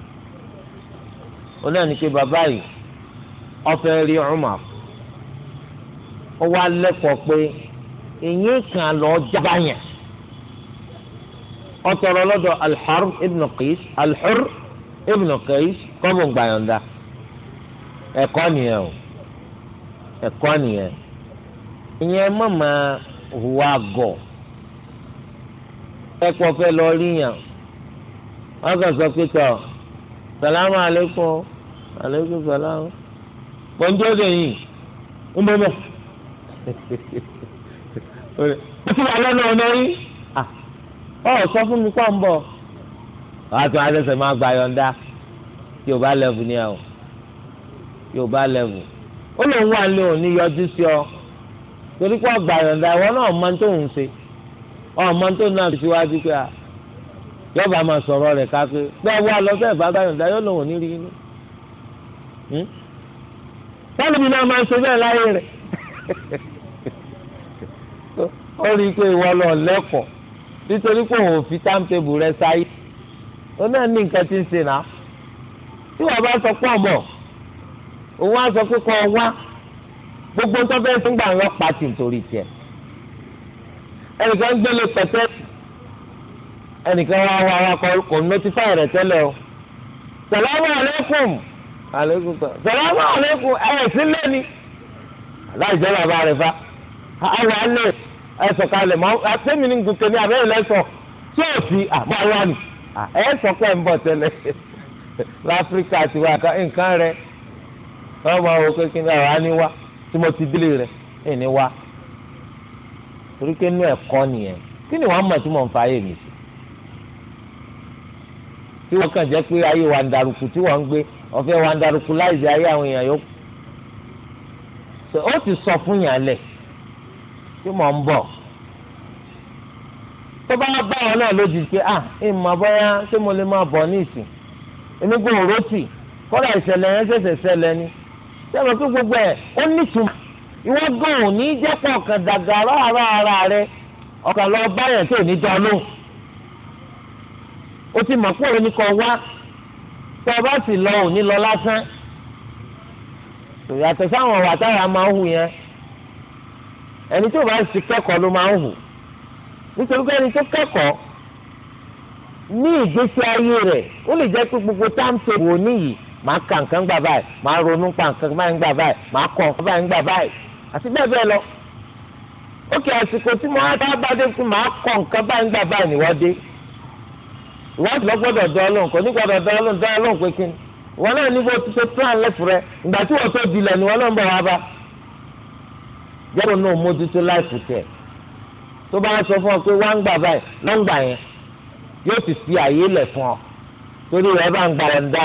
ó pé bàbá yìí ó fẹ́ rí Umar ó wá lẹ́kọ̀ọ́ pé ìyín kan lọ jábá yẹn ọtọrọ lọ́dọ̀ alḥar ibn qais alḥar ibn qais kọ́bùn gbàyànjá ẹ̀kọ́ nìyẹn o ẹ̀kọ́ nìyẹn ìyẹn mọ̀mọ́ hùwà gọ̀ ẹ̀kọ́ fẹ́ lọ rí yàn wọ́n kàn sọ pé tọ́ salamu aleykum aleykum salamu pọ̀njọ́ dẹ̀yìn ń bọ́ bẹ́ẹ̀ alẹ́ náà náà yín ọ̀ sọ fún mi pọ̀ ń bọ̀ wàá tún àṣẹṣẹ máa gba yọ̀ǹda yóò bá lẹ́bù ni ẹ o yóò bá lẹ́bù ó lóun wà ní òní yọjú sí ọ torí pé ọgbà yọ̀ǹda ìwọ náà mọ tó ń ṣe ọmọ tó náà fi síwájú pé a ah, yọba máa sọ̀rọ̀ rẹ̀ ká pé bẹ́ẹ̀ wá lọ bẹ́ẹ̀ bá yọ̀ǹda yóò lóun ní rí inú sálùmí hmm? náà máa ń ṣe bẹ́ẹ̀ láyé rẹ̀ [LAUGHS] ó rí i pé ìwọ lọ lẹ́kọ̀ọ́ nítorí pé òun ò fi táǹtẹ̀bù rẹ sáyé ó náà ní nǹkan tí ń ṣe náà tí wọ́n bá sọ pé ọmọ òun á sọ pé kọ́ ọ wá gbogbo ń tọ́jú ẹ̀sìn gbà ń lọ pàtì nítorí tiẹ̀ ẹnìkan ń gbélé pẹ̀tẹ́sì ẹnìkan wá wá wá kò nọ́tífáì rẹ̀ tẹ́lẹ̀ o sàlámù alaykum sàlámù alaykum ẹ̀ sílẹ̀ ni aláìjẹ́ bàbá rẹ̀ fa. àwọn alẹ́ ẹ̀sọ̀ kalẹ̀ mọ́ àtẹ́mi ní gùn tẹ̀lé abẹ́rẹ́ lẹ́sọ̀ tí ò sí àmọ́ àwọn àlù ẹ̀sọ̀ pẹ̀ ń bọ̀ tẹ́lẹ̀ [LAUGHS] láfíríkà ti wá nǹkan rẹ àwọn tí mo ti délé torí pé inú nìyẹn kí ni tí ń pé ayé wa ń darúkú tí ń gbé wa ń darúkú ayé ó ti sọ fún yàn tí mò ń bọ̀ tó bá bá wọn náà lójijì pé à ìmọ̀ bọ́yá ṣé mo lè máa bọ̀ ní ìsìn èmi gbọ́ òrótì kọ́lá ìṣẹ̀lẹ̀ yẹn ṣẹ̀ṣẹ̀ ṣẹlẹ̀ ni sẹ́wọ̀n pé gbogbo ẹ̀ ó nítumọ̀ ìwọ gan ò ní jẹ́ pọ̀ kàn dàgbà rárá ara rẹ ọ̀kà lọ báyẹn tó ní dán lóhùn ó ti mọ̀ pé òun kọ wá tó o bá sì lọ òní lọ lásán tòyàtọ̀ sáwọn ọ̀rọ̀ máa ń hù yẹn ẹni tí o bá sì kẹ́kọ̀ọ́ ló máa ń hù nítorí pé ẹni tó kẹ́kọ̀ọ́ ní ìgbésí ayé rẹ̀ ó lè jẹ́ pé gbogbo táǹtẹ̀ wò níyì máa kà nǹkan gbà báyìí máa ronú pa nǹkan báyìí gbà báyìí máa kọ nǹkan báyìí gbà báyìí àti bẹ́ẹ̀ bẹ́ẹ̀ lọ. ó kì àsìkò tí mo á dá bàdé fún máa kọ nǹkan báyìí gbà báyìí ìwádìí lọ gbọ́dọ̀ dán lóhùn kò ní gbọ́dọ̀ dán lóhùn dán lóhùn pé kí ni. ìwọ náà jẹ́rọ náà mójútó láìpù tẹ̀ tó bá sọ fún ọ pé wá ń gbà báyìí lọ́ ń gbà yẹn yóò sì fi àyè lẹ̀ fún ọ torí rẹ̀ bá ń gbà yọ̀ǹda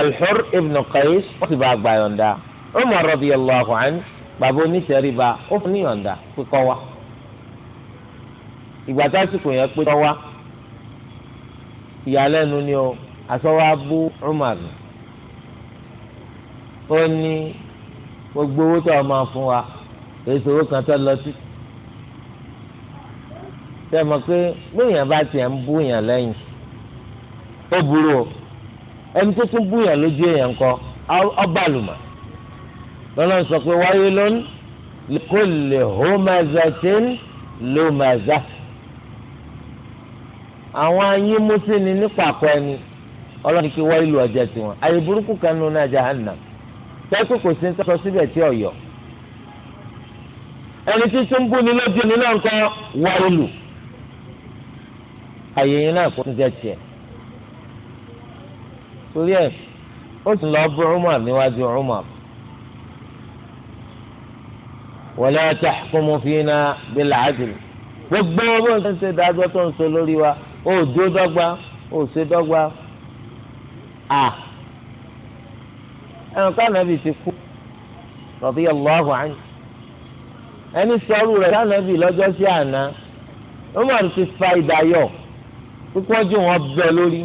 Al-Hurr ibn Qais wọ́n sì bá gbà yọ̀ǹda Umar radiyallahu anhu bàbá oníṣẹ́ríba ó fún níyọ̀ǹda pé kó wá ìgbà tásìkò yẹn pé kó wá ìyàlẹ́nu ni o àsọwọ́ abú Umar ó ní gbogbo owó tó a máa fún wa èso owó kan tó lọ sí. ṣé ẹ mọ̀ pé bóyá bá tiẹ̀ ń búyàn lẹ́yìn ó burú o ẹni tó tún búyàn lójú èèyàn kọ ọbàlùmọ̀ lọ́nà sọ pé wáyé lónìí kó lè hó mazatin ló mazà. àwọn ayé mọ́sí ni nípa àkọ́ ẹni ọlọ́run kí wáyé lu ọjà tiwọn àyè burúkú kan nù náà tẹ́kù kò sí sọ síbẹ̀ tí ọ̀yọ́ ẹni tí tún bú ni lójú ni náà kọ́ wáyé lù àyè yẹn náà kó tún jẹ́ tiẹ̀ torí ẹ̀ ó sì lọ bú Umar níwájú Umar wala tahkumu fina bil adl gbogbo bó ń ṣe dájọ́ tó ń sọ lórí wa ó dúró dọ́gba ó ṣe dọ́gba ẹnu kánàbì ti kú radiyallahu anhu ẹni sọrù rẹ̀ kánàbì lọ́jọ́ sí àná Umar ti fa ìdáyọ̀ pípọ́ jù wọ́n bẹ lórí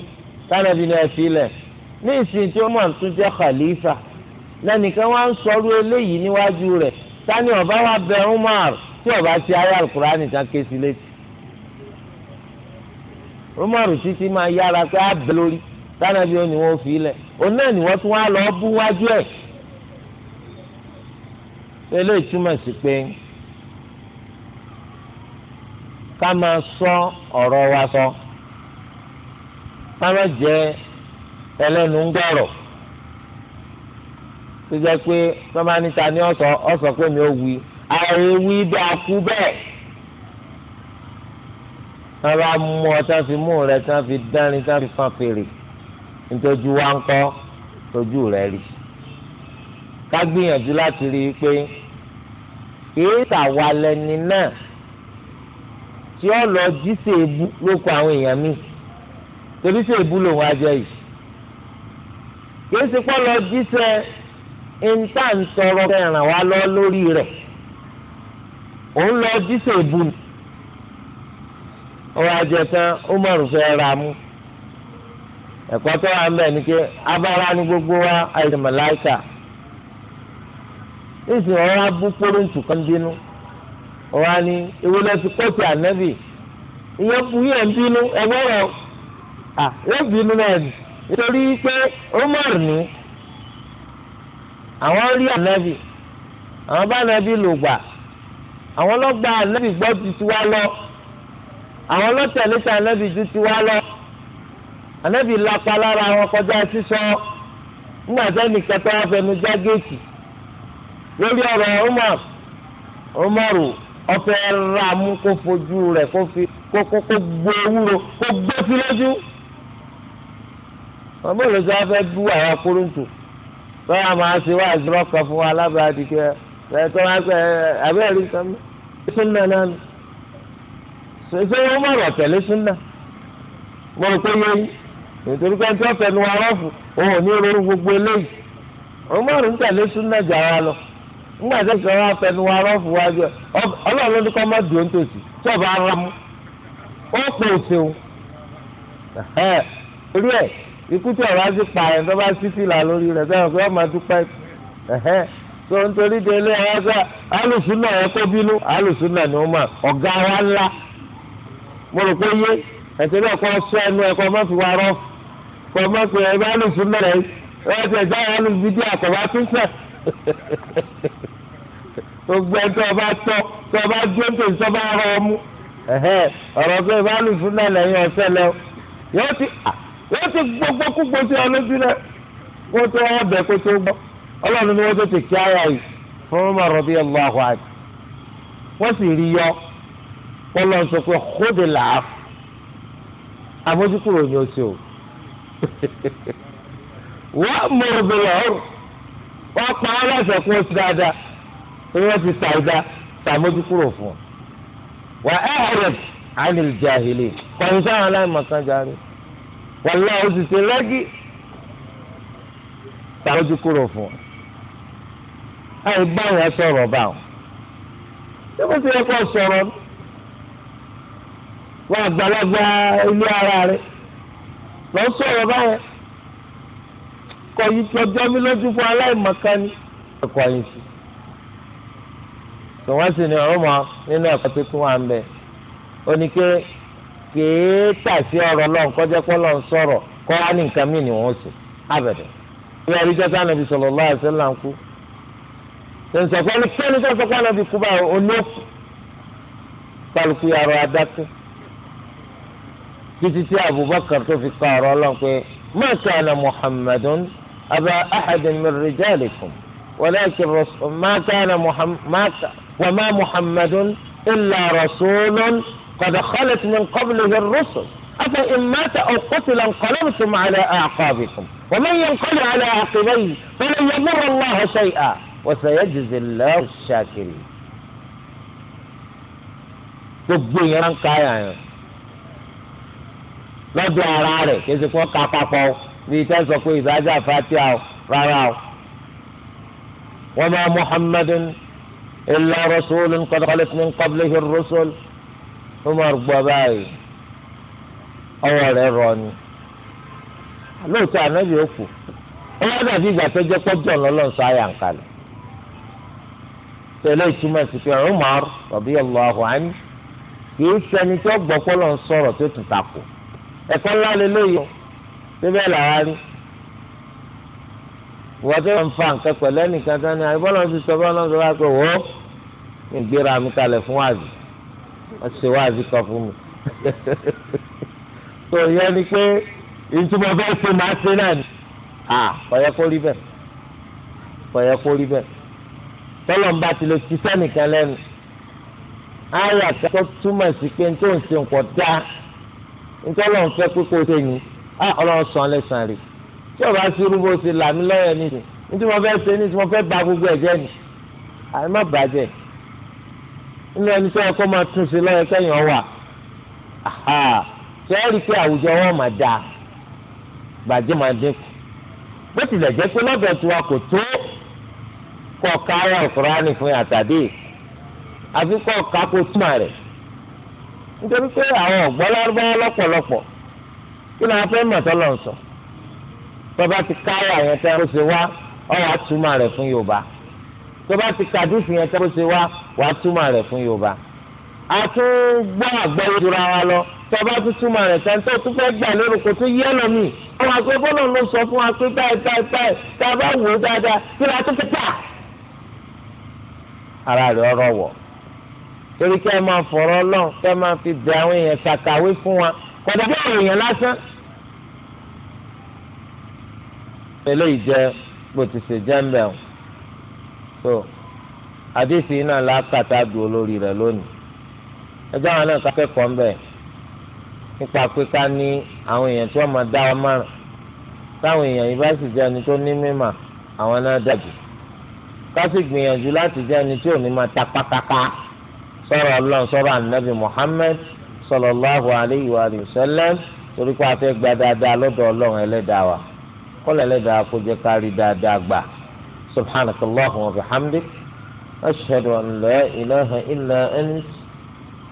kánàbì náà filẹ̀ ní ìsìn tí Umar tún jẹ́ khalifa lẹ́nìkan wá ń sọrù eléyìí níwájú rẹ̀ tani ọba wa bẹ Umar tí ọba ti ayé alukurani tán ké sí létí Umar títí máa yára pé á bẹ lórí tánàbí ó ní wọn fi lẹ̀ òun náà ni wọ́n tún wá lọ bú wájú ẹ̀ eléyìí túmọ̀ sí pé ká máa sọ ọ̀rọ̀ wa sọ ká má jẹ ẹlẹ́nu ń gbọ̀rọ̀ tó jẹ́ pé tọ́ba níta ni ọ̀sọ̀ ọ̀sọ̀ pé mi ò wí àìwí bá a kú bẹ́ẹ̀ wọ́n bá mú ọ tí wọ́n fi mú rẹ̀ tí fi dánrin tí fi fan fèrè nítòjú wa ń kọ́ tójú rẹ̀ rí ká gbìyànjú láti rí i pé kìí tàwa lẹni náà tí ó lọ jí sèébú ló kọ àwọn èèyàn mi torí sèébú lòun á jẹ yìí kìí ṣe pọ́ lọ jí sẹ́ níta ń tọrọ kẹràn wá lọ lórí rẹ̀ òun lọ jí sèébú ni ó wá jẹ tán ó mọ̀rùn fẹ́ ra mú ẹ̀kọ́ tó wà mbẹ́ ni pé abára ni gbogbo wa àyè màláìkà nísìnyí ọ̀rọ̀ abú kpóròǹtù kan bínú ọ̀rọ̀ ni ewu lọ sí kóòtù ànábì ìyẹn kù yẹn ń bínú ẹgbẹ́ rẹ̀ à yóò bínú náà ni nítorí pé Umar ní àwọn rí ànábì àwọn bá ànábì lò gbà àwọn lọ́gbà ànábì gbọ́ ju tiwa lọ àwọn lọ́tẹ̀lẹ́tẹ̀ ànábì ju tiwa lọ ànábì lápá lára àwọn kọjá sísọ nígbà sẹ́ni kẹta wọn fẹnu já géètì lórí ọ̀rọ̀ Umar Umaru ọ̀fẹ́ ra mú kó fojú rẹ̀ kó fi kó kó kó gbó wúro kó gbó sí lójú ọmọ ìrẹsì wọn fẹ́ bú àwọn kúrúntù lọ́wọ́ máa ṣe wá àdúrà kan fún wa lábàádì kẹ ẹ tó wá pẹ abẹ́rẹ́ nǹkan mi náà ni ṣé wọ́n mọ̀ ọ̀rọ̀ tẹ̀lé sunna mo rò pé yẹn yìí. nítorí pé ẹni tó fẹ́ nu arọ́fù òun ò ní ronú gbogbo eléyìí òun má rìn tẹ̀lé súnà jà wa lọ nígbà tó sọ ọlọ́run ló ní kọ́ dùn tòsí bá ra mú ó pè ẹ ikú tí ọ̀rọ̀ á pa ẹ̀ lórí rẹ̀ pé dúpẹ́ tó ẹ̀sìn náà kọ́ sọ ẹnu ẹ̀kọ́ má fi wá rọ kọ́ má fi ẹ̀ bá lùsùn mẹ́rẹ̀ ẹ̀ tẹ̀ já wọn lù fídíò àkọ́bá tún fẹ̀. [LAUGHS] gbogbo ẹ̀ tó ọba tọ́ tó ọba dúró tó ń sọ́ba rọ ọmú ọ̀rọ̀ pé ẹ̀ bá lùsùn náà lẹ́yìn ọ̀sẹ̀ lẹ yóò ti gbogbo kúgbó sí ọ rẹ kó tó ọbẹ̀ kó tó gbọ́ ọlọ́run ni wọ́n tó ti kí ara yìí fún ọmọ rọ̀bì ọlọ́ àwọn àti wọ́n sì rí yọ wọ́n lọ sọ pé kóde àmójúkúrò ni o ṣe o wọ́n mú obìnrin ọ̀rùn wọ́n pa ọ́ lọ́sẹ̀ kún oṣù dáadáa pé wọ́n ti ṣàìdá ṣàmójúkúrò fún ọ. wà á ẹ̀rẹ̀ ánìlì jàhìlì kọ̀yìn sáwọn aláìmọ̀ kan járe wàlá o sì ṣe lẹ́gì ṣàmójúkúrò fún ọ. àì báyọ̀ sọ̀rọ̀ báwọn. ṣé bó ti yẹ kó sọ̀rọ̀ ní. wọn àgbàlagbà ilé ara rẹ lọ sọ̀rọ̀ báyẹn kọ yìí tọjọ mi lójú fún aláìmọ̀kan ni ẹ̀kọ́ yìí sí tòun sì ni ọ̀rọ̀ mọ nínú ẹ̀kọ́ tó tún wà ń bẹ ó kèé tà sí ọ̀rọ̀ kọjá sọ̀rọ̀ ní nǹkan mìíràn wọn sì abẹdẹ ìwé sáà nàbì kí ẹni tó kú títí tí abubakar tó fi kààrọ̀ ọlọ́run pé ma kana muhammadun aba ahadin min rijalikum walakin rasul ma kana muhammad wa ma muhammadun illa rasulun qad khalat min qablihi ar-rusul أفإن مات أو wàmá yẹn kọ́lẹ́ àlẹ́ ومن ينقلب على عقبيه فلن wọn الله شيئا وسيجزي الله الشاكرين. gbogbo yẹn ń ka yàn yàn lọ́dọ̀ ara rẹ̀ kése kó ka papọ̀ bíi tẹ́ sọ pé ìdájà fatia rárá o. wa ma muhammadun illa rasulun qad khalat min qablihi ar-rusul umar gbọ́ báyìí ọwọ́ rẹ̀ rọ ni. lóòótọ́ ànábì ó kù ọwọ́ dàbí ìgbà tó jẹ́ pọ́jọ́ lọ́lọ́run sọ àyà ń kalẹ̀. tẹ̀lé ìtumọ̀ sí pé umar radiyallahu anhu kì í ṣẹni tó gbọ́ pọ́lọ́ sọ̀rọ̀ tó tún takò ẹ̀kọ́ ńlá lélẹ́yìn síbẹ̀ làwa rí wọ́n tó ń fa nǹkan pẹ̀lú ẹnìkan tó ní àìbọ́lọ́ ti sọ bọ́lọ́ sọ wá pé wọ́ mi gbéra mi kalẹ̀ fún wáàzì wọ́n ṣe wáàzì kan fún mi. tó [LAUGHS] yẹ ni pé ìtumọ̀ bẹ́ẹ̀ ṣe máa ṣe náà ni kọ̀yẹ́ kó rí bẹ́ẹ̀ kọ̀yẹ́ kó rí bẹ́ẹ̀ tọ́lọ̀ ń bá ti lè ti sẹ́nìkan lẹ́nu ayọ̀ àti tó túmọ̀ sí pé tó ń ṣe nǹkan dáa nítorí ọlọ́run fẹ́ pé kó o ṣe ni á ọlọ́run sàn lẹ́sàn rẹ̀ tí ọba sí rúbó ṣe là mí lọ́yẹ̀ ní ìsìn nítorí mo fẹ́ ṣe ní ìsìn mo fẹ́ ba gbogbo ẹ̀ jẹ́ ni àyè má bàjẹ́ nínú ẹni tó yẹ kó máa tún ṣe lọ́yẹ̀ kẹ́yìn ọ wà sẹ́ẹ̀rì pé àwùjọ wọn máa dáa bàjẹ́ máa dínkù bó tilẹ̀ jẹ́ pé lọ́dọ̀ tiwa kò tó kọ́ ká ayọ̀ kúránì fún yàtàdé àfi kọ́ ká kó túmọ̀ rẹ̀ nítorí pé àwọn ọ̀gbọ́n lárúbáwá lọ́pọ̀lọpọ̀ kí ni a fẹ́ mọ̀ tọ́lọ̀ ń sọ tọ́ba ti káyà yẹn tẹ́ ó ṣe wá ọ̀ wá túmọ̀ rẹ̀ fún yorùbá tọ́ba ti kàdúfì yẹn tẹ́ ó ṣe wá wá túmọ̀ rẹ̀ fún yorùbá a tún gbọ́ àgbẹ̀wò jura wa lọ tọ́ba tún túmọ̀ rẹ̀ tẹ́ tó tún fẹ́ gbà lérò kó tún yẹ lọ mí àwọn agbébọ́nà ló sọ fún wa pé báyìí báyìí báyìí tá a bá wò ó dáadáa kí ni a tún fi tà ara rẹ̀ ọ̀rọ̀ wọ̀ torí kí ẹ máa fọ̀rọ̀ ọlọ́run kí ẹ máa fi bẹ àwọn èèyàn ṣàkàwé fún wa kọjá bí àwọn èèyàn lásán. eléyìí jẹ bó ti ṣe so àdéhìí iná làákàtà dùn olórí rẹ̀ lónìí ẹjọ́ àwọn náà kẹ́kọ̀ọ́ ń bẹ̀ nípa pé ká ní àwọn èèyàn tí wọ́n máa dá wa márùn táwọn èèyàn yìí bá sì jẹ́ ẹni tó ní mímà àwọn náà dàbí ká sì gbìyànjú láti jẹ́ ẹni tí ò ní máa ta pátákà sọ̀rọ̀ ọlọ́run sọ̀rọ̀ ànábì Muhammad sallallahu alayhi wa sallam torí pé a fẹ́ gba dáadáa lọ́dọ̀ ọlọ́run ẹlẹ́dàá wa kọ́lẹ̀ ẹlẹ́dàá kó jẹ́ ká rí dáadáa gbà subhanaka allahumma wa bihamdik ashhadu an la ilaha illa ant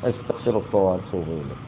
astaghfiruka wa atubu ilayk.